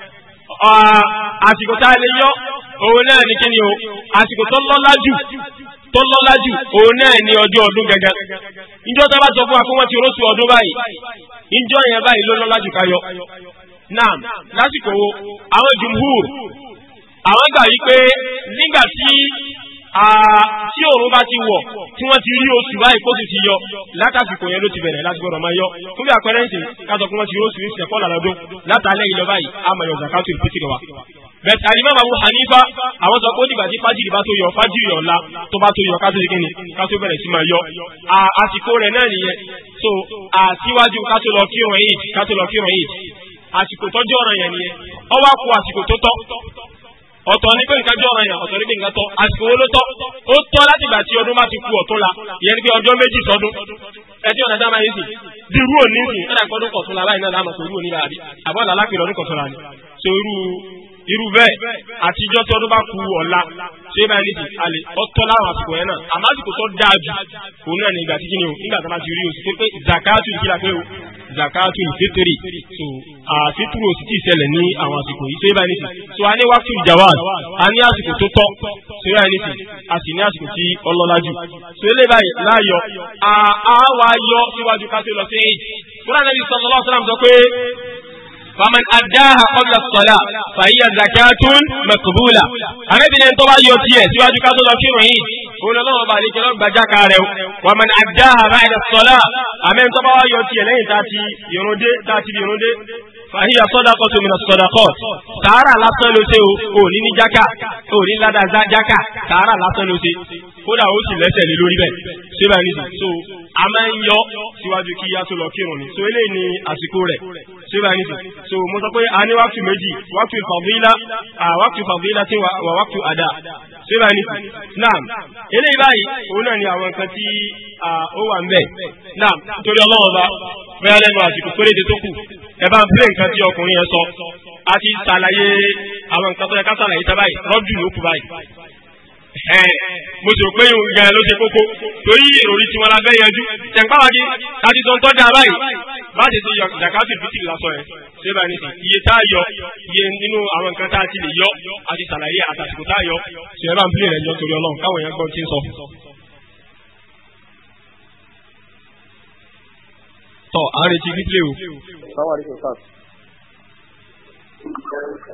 Ah, àsìkò tá a lè yọ òun náà ní kíni o àsìkò tó lọ́lá jù tó lọ́lá jù òun náà ní ọjọ́ ọdún gẹ́gẹ́ ìjọ tá akwụkwọ bá sọ fún wa fún wọn ti rọ́ṣù ọdún báyìí ìjọ yẹn báyìí ló lọ́lá jù káyọ náà lásìkò wo àwọn jùmùhùr àwọn gbà yí pé tóòrùn bá ti wọ̀ tí wọ́n ti rí oṣù báyìí kó sì ti yọ látàsìkò yẹn ló ti bẹ̀rẹ̀ láti gbọ́dọ̀ máa yọ fún bí àpẹẹrẹ ìsìn kájọ pé wọ́n ti rí oṣù ìsìn ẹ̀kọ́ làlọ́dún látàlẹ́ ìlọ báyìí a máa yọ zakatul wa. bẹ́ẹ̀ alimam Abu Hanifa àwọn sọ pé nígbà tí fájìrì bá tó yọ fájìrì ọ̀la tó bá tó yọ ká tó kíni ká bẹ̀rẹ̀ sí máa yọ àsìkò rẹ̀ náà nìyẹn so àtiwájú ká lọ kírun Eid ká lọ kírun Eid àsìkò tọ́jú ọ̀ràn yẹn nìyẹn ọwọ́ àpò àsìkò tó tọ́ ọ̀tọ̀ ní pé nǹkan jẹ́ ọ̀ràn yẹn ọ̀tọ̀ ní pé nǹkan tọ́ àsìkò wo ló tọ́ ó tọ́ láti ìgbà tí ọdún bá ti ku ọ̀tún la ìyẹn ní pé ọjọ́ méjì sọdún ẹtí ọ̀nà sábà yìí sì dirú òní sì ẹ̀rọ ìkọ́dún kọ̀tún la báyìí náà láàmú sọ irú òní láàbí àbọ̀ làlápẹ̀ lọ́dún kọ̀tún la ni so irú irú bẹ́ẹ̀ àtijọ́ tí ọdún bá ku ọ̀la ṣé báyìí ní ti alẹ́ ọtọ́ láwọn àsìkò yẹn náà àmọ́ àsìkò tó dáa jù òun náà ní ìgbà tí kìíní o nígbà tí a bá ti rí o sí pé zakatu ìkíra pé o zakatu ìfitiri so àfitiri o sì ti ṣẹlẹ̀ ní àwọn àsìkò yìí ṣé báyìí ní ti so a ní wákìtì jawad a ní àsìkò tó tọ́ ṣé báyìí ní ti a sì ní àsìkò tí ọlọ́lá jù so ilé báyìí láyọ̀ a wá yọ síwájú ká tó lọ sí faman adáha qabla sọlá fàyíyà zakatun makubula arábìnrin tó bá yọ tiẹ̀ síwájú ká tó lọ kírun yìí òun lọ́wọ́ bá àlejò lọ́gbà jáka rẹ̀ waman adáha ba'da sọlá àmẹ́ tó bá yọ tiẹ̀ lẹ́yìn tá a ti yọrùndé tá a ti yọrùndé fàhíyà sadaqatu min as-sadaqat sàárà lásán ló ṣe ò ní ní jáká ò ní ládàá jáká sàárà lásán ló ṣe kódà ó sì lẹ́sẹ̀ lé lórí bẹ́ẹ̀ ṣé báyìí nìyí so a máa ń yọ síwájú kí yá lọ kírun ni so eléyìí ni àsìkò rẹ̀ ṣé báyìí nìyí so mo sọ pé a ní wákìtù méjì wákìtù fàdílà wákìtù fàdílà tí wà wákìtù àdá ṣé bá ní naam eléyìí báyìí òun náà ni àwọn nǹkan tí ó wà ń bẹ̀ naam nítorí ọlọ́wọ́ bá bẹ́ẹ̀ lẹ́nu àsìkò péréte tó kù ẹ bá ń pè nǹkan tí ọkùnrin yẹn sọ àti ṣàlàyé àwọn nǹkan tó yẹ ká ṣàlàyé tá báyìí ló kù báyìí ẹ mo sì rò pé yóò gan ló ṣe kókó torí èròrí tiwọn la fẹ́ yanjú tẹ̀ǹpáwájú láti sọ ń tọ́jà báyìí bá ti ṣe yọ zakatu fitiri lásán yẹn ṣé báyìí nìsín iye tá a yọ iye nínú àwọn nǹkan tá a ti lè yọ àti sàlàyé àtàsìkò tá a yọ ṣe é bá ń bí rẹ̀ jọ torí ọlọ́run káwọn yẹn gbọ́ ti ń sọ. tọ́ a retí fífilẹ̀ o. sáwọn àríkò sáà.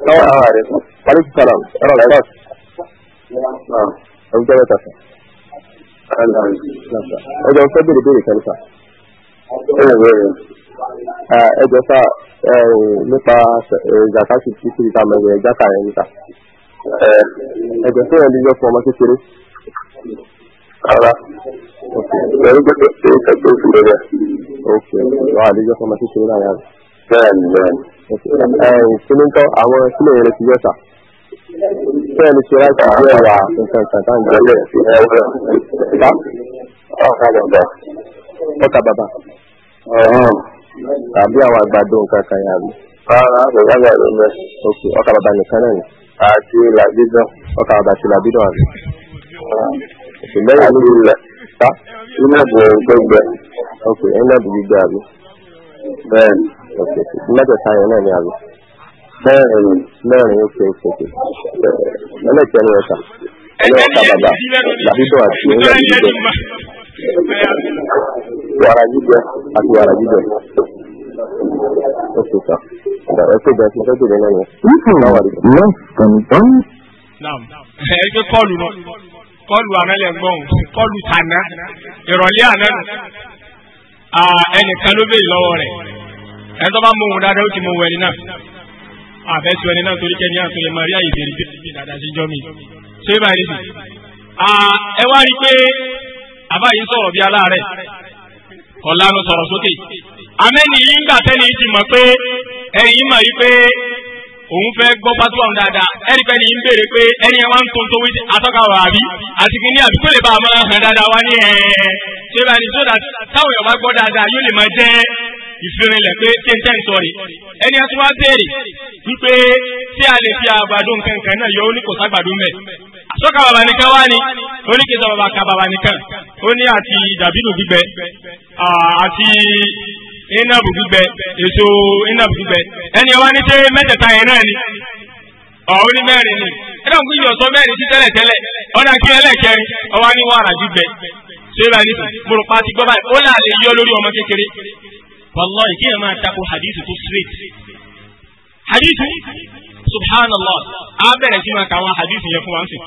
sáwọn àríkò sáà ọjọ́ mẹ́ta sọ. ọjọ́ fẹ́ bèrè bèrè kan sá. ẹ jọ sá nípa zakasi tí kiri ta mẹ́rin ẹ̀ jáka yẹn níta. ẹ jọ fẹ́ yẹn lè yọ fún ọmọ kékeré. Ara. Lẹ́yìn ok. ṣe é tẹ́gbẹ́ oṣù lọ́wọ́. Ok, wà á lè yọ fún ọmọ kékeré náà yára. Bẹ́ẹ̀ni, Ok. Ẹ ò kí ni tọ́ àwọn sílẹ̀ yẹn ti yọ sá bẹ́ẹ̀ ni ṣe láti ìlú ẹ̀wà nǹkan kan tá à ń jẹ lẹ̀ sí ẹ̀wẹ̀ bá ọ̀ka bàbà ọ̀ka bàbà tàbí àwọn àgbàdo nǹkan kan yà rí. rárá kò yára rẹ mẹ. ok ọ̀ka bàbà nìkan náà ni. àti làbídàn. ọ̀ka bàbà àti làbídàn àbí. ṣùgbọ́n ìlú ilẹ̀ ta iná bò gbẹgbẹ. ok iná bò gbígbẹ àbí. bẹ́ẹ̀ ni ok mẹ́tẹ̀ẹ̀ta yẹn náà ni àbí mẹ́rin mẹ́rin oṣù oṣù oṣù ẹlẹ́kẹ̀rin ọ̀sà ẹlẹ́ọ̀sà bàbá làbídọ̀ àti ẹ̀rọ jíjẹ wàrà jíjẹ àti wàrà jíjẹ oṣù sà ẹ̀kọ́ bẹ̀rẹ̀ tí wọ́n gbèrè lẹ́nu. naam ẹgbẹ́ kọ́ọ̀lù náà kọ́ọ̀lù àmẹ́lẹ̀ gbọ́n kọ́ọ̀lù tàná ìrọ̀lẹ́ àná ẹnìkan ló béèrè lọ́wọ́ rẹ̀ ẹ̀ tó bá mú òun dáadáa ó ti mú òun náà àfẹ́sọ ẹni náà torí kẹ́ni àtún lè máa rí àyè bèrè bíi dáadáa sí jọ́mi ṣé báyìí nìyí. ẹ wá rí i pé àbá yìí sọ̀rọ̀ bíi aláàárẹ̀ ọ̀lànà sọ̀rọ̀ sókè amẹ́ni yìí ń gbà tẹ́ni ti mọ̀ pé ẹ̀yìn mọ̀ yìí pé òun fẹ́ gbọ́ pátúwà ń dáadáa ẹni pẹ́ni yìí ń béèrè pé ẹni ẹ̀ wá ń tontó wí atọ́ka wà àbí àti kí ní àbí kó lè bá a dáadáa wá ní ẹ̀ ṣé báyìí sódà táwọn èèyàn bá gbọ́ dáadáa yóò lè máa jẹ́ ìfirinlẹ̀ pé ṣé n tẹ́ǹ sọ̀rí ẹni àti wá béèrè wípé ṣé a lè fi àgbàdo nkankan náà yọ oníkò sàgbàdo mẹ́ àsọ́ka bàbá nìkan wá ní oníkèsà bàbá ka bàbá nìkan ó ní àti dàbínù gbígbẹ àti inabu gbígbẹ èso inabu gbígbẹ ẹni ọwá ní ṣé mẹ́tẹ̀ẹ̀ta yẹn náà ni ọ̀hún ní mẹ́rin ni ẹ̀dá òkú yìí ọ̀sọ́ mẹ́rin sí tẹ́lẹ̀ tẹ́lẹ̀ ọ̀dà kí ẹlẹ́kẹrin ọwá ní wàrà gbígbẹ ṣé báyìí mo rò pa ti gbọ́ báyìí ó là lè yọ lórí ọmọ kékeré wallahi kéèyàn máa tako hadith tó straight hadith subhanallah a bẹ̀rẹ̀ sí máa ka àwọn hadith yẹn fún wa sí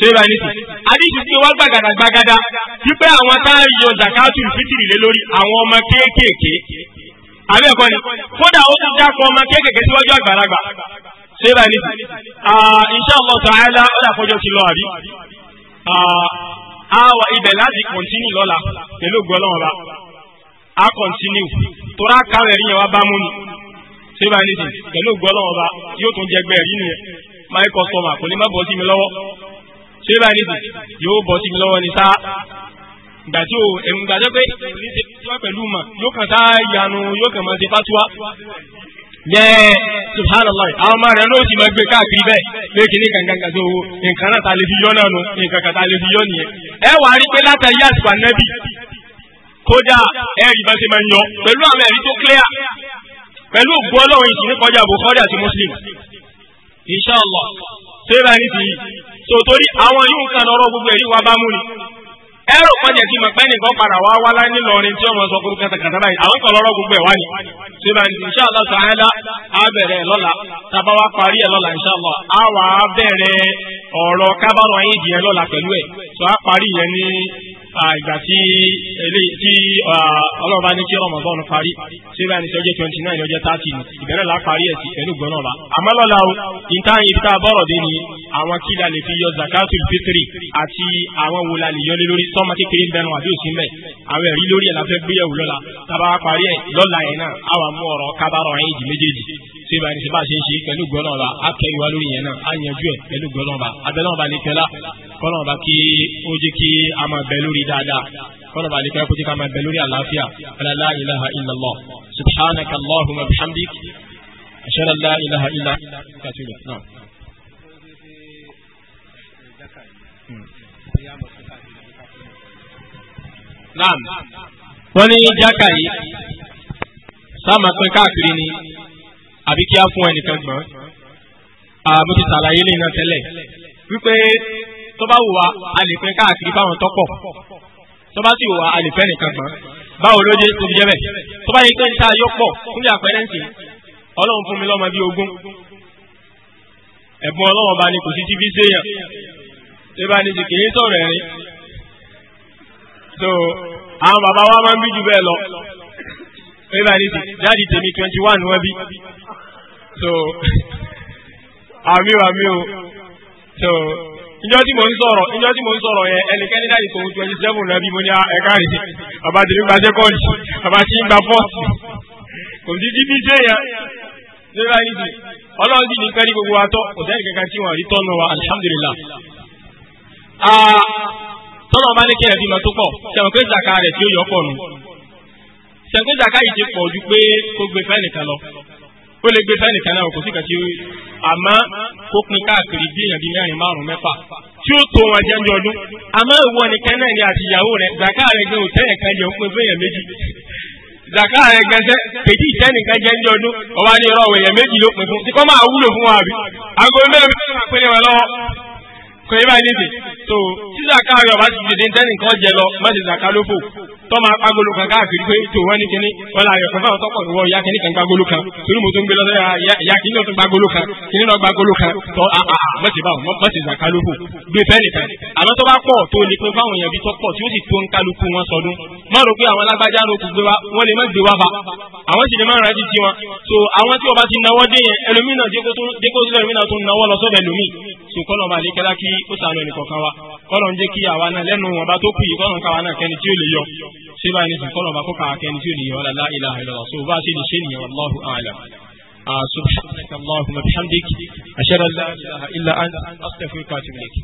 sèba ní ti hadith tí wọ́n gbàgàdà gbàgàdà wípé àwọn tá a yọ zakatu fitiri lé lórí àwọn ọmọ kéékèèké àbẹ́ ẹ̀kọ́ ni kódà ó ti dákọ̀ ọmọ kéékèèké síwájú àgbàlagbà sèba ní ti insha Allah ta'ala ó dà fọjọ́ ti lọ àbí àwa ibẹ̀ láti kọ̀ntínú lọ́la pẹ̀lú gbọ́lọ́wọ́ba. á kọ̀ntínú tóra kawo ẹ̀rí yẹn wá bá mú ni ṣé bá ní sìn pẹ̀lú bá tún jẹ gbẹ̀rí nìyẹn máa ń kọ́sọ́mà kò ní má bọ́ sí mi lọ́wọ́ ṣé bá ní sìn yóò bọ́ sí mi lọ́wọ́ ni o pé ní ṣe fatuwa pẹ̀lú yóò kàn sáà yanu yóò kàn máa gbé káàkiri tó nǹkan náà ta lè fi náà nù nǹkan kan ta lè fi nìyẹn ẹ wàá rí pé látàrí àsìkò kódà ẹ̀rí bá ti máa ń yọ pẹ̀lú àwọn ẹ̀rí tó clear pẹ̀lú òkú ọlọ́run ìsìn kọjá Bukhari àti Muslim inshallah tẹ́lá ní ti so torí àwọn yóò kan lọ́rọ́ gbogbo ẹ̀rí wa bá mú ni ẹ̀rọ kọjá kí mọ̀ pé nìkan padà wá wá láì nílọrin tí ọmọ sọ kúrú kẹtàkẹtà báyìí àwọn kan lọ́rọ́ gbogbo ẹ̀ wá ni tẹ́lá ní ti inshallah bẹ̀rẹ̀ lọ́la tábà wá parí ẹ̀ lọ́la inshallah àgbà tí ọlọ́run bá ní kí Ramadan parí ṣé bá ní sí ọjọ́ twenty nine ọjọ́ thirty ni ìbẹ̀rẹ̀ là parí ẹ̀ sí pẹ̀lú gbọ́n náà bá. àmọ́ lọ́la o ìtàn ibi tá a bọ̀rọ̀ dé ni àwọn kí la lè fi yọ zakatul fitri àti àwọn wo la lè yọ lórí sọ́mọ kékeré ń bẹnu àbí òsín bẹ̀ àwọn ẹ̀rí lórí ẹ̀ la fẹ́ gbéyàwó lọ́la tá a bá parí ẹ̀ lọ́la yẹn náà àwọn amú ọ̀rọ̀ kábàárọ̀ ẹ̀yìn ṣé bá ní ṣe bá ṣe ń ṣe pẹ̀lú gbọ́nà ọba akẹ́yìn wa lórí yẹn náà á ẹ̀ pẹ̀lú gbọ́nà ọba abẹ́lẹ́ ọba kí ó jẹ́ kí a máa bẹ lórí dáadáa kọ́nà ọba kó jẹ́ ká máa bẹ lórí àlàáfíà la ilaha illallah subhanaka allahumma bihamdik ashhadu an la ilaha illa naam. wọ́n ní jákàyí sáà pín káàkiri ni àbí kí á fún ẹnìkan gbọ́n mo ti ṣàlàyé lẹ́yìn náà tẹ́lẹ̀ wípé tó bá wù wá a lè pín káàkiri báwọn tọ́pọ̀ tó bá sì wù wá a lè fẹ́ nìkan gbọ́n báwo ló dé tó fi jẹ́ bẹ́ẹ̀ tó bá yẹ pé níta yọ pọ̀ fúnlẹ̀ àpẹẹrẹ ńsìn ọlọ́run fún mi lọ́mọ bíi ogún ẹ̀bùn ọlọ́run ọba ni kò sí tv séèyàn tó bá ní ti kì í sọ̀rọ̀ ẹ̀rín so àwọn bàbá wa máa ń bí ju bẹ́ẹ̀ lọ tó bá ní ti jáde tèmi twenty one wọ́n bí so àmì ò àmì ò so ìjọ tí mo ń sọ̀rọ̀ ìjọ tí mo ń sọ̀rọ̀ yẹn ẹnikẹ́ni láti tòun twenty seven nàbí mo ní ẹ̀ka rè bàbá tí ń gba sẹ́kọ̀ọ̀lì bàbá tí ń gba fọ́ọ̀sì kò sí dídí sẹ́yìn nígbà yìí ọlọ́run sì ní pẹ́ẹ́lí gbogbo wa tọ́ kò sẹ́yìn kankan tí wọ́n rí tọ́nu wa alihamudulila. tọ́nà bá ní kí ẹ̀bí ma tó pọ̀ sẹ́wọ̀n pé zaka rẹ̀ tí ó yọ pọ̀ nù sẹ́wọ̀n pé zaka yìí ti pọ̀ ju pé kó gbé fẹ́ nìkan lọ ó lè gbé sáyẹnì kan náà kò sí kàtí àmọ́ kó pin káàkiri bí èèyàn bíi mẹ́rin márùn mẹ́fà tí ó tó wọn jẹun ọdún àmọ́ ìwọ nìkan náà ni àti ìyàwó rẹ zaka rẹ gan òtẹyẹ kan jẹ òpin fún èèyàn méjì zaka rẹ gan sẹ kèjì ìtẹnìkan jẹ ń jẹ ọdún ọba ní ìrọ èèyàn méjì ló pin fún kíkọ́ máa wúlò fún wa àbí àgọ́ mélòó mélòó máa pélé tó máa pagolo kan káàkiri pé tó wọ́n ní kíní wọ́n la yọ̀ fẹ́fẹ́ ọ̀tọ́kọ̀ ìwọ ya kíní kan gbagolo kan torí mo ah, tún gbé lọ́sẹ̀ ìyá kíní náà tún gbagolo kan kíní náà gbagolo kan tọ́ ah, ah, mọ̀tì báwọn mọ̀tì zaka ló kù gbé fẹ́ẹ̀nì kan àmọ́ tó bá pọ̀ tó lè pín fáwọn èèyàn bí tó pọ̀ tí ó sì tó ń kálukú wọn sọdún má rò pé àwọn alágbájá ló kù gbé wa wọ́n lè má gbé wa fa àwọn sì lè má rántí tí wọn so àwọn tí ọba ti náwó dé yẹn ẹlòmínà dékò sílẹ̀ ẹlòmínà tó náwó lọ sọ́dọ̀ ẹlòmí so kọ́nà ọba àlékẹ́lá kí ó sàánú ẹnì kọ̀ọ̀kan wa kọ́nà ń jẹ́ kí àwa náà lẹ́nu ọba tó kù yìí kọ́nà káwa náà kẹ́ni tí ó lè yọ ṣé báyìí nìsín kọ́lọ̀ bá kọ́kà akẹ́ni tí ò nìyẹn wàlá láìlà àìlọ́lọ́ so bá a ṣe lè ṣe nìyẹn wallahu a'lam. subhanaka allahumma bihamdik ashhadu an la ilaha illa anta astaghfiruka wa atubu ilayk.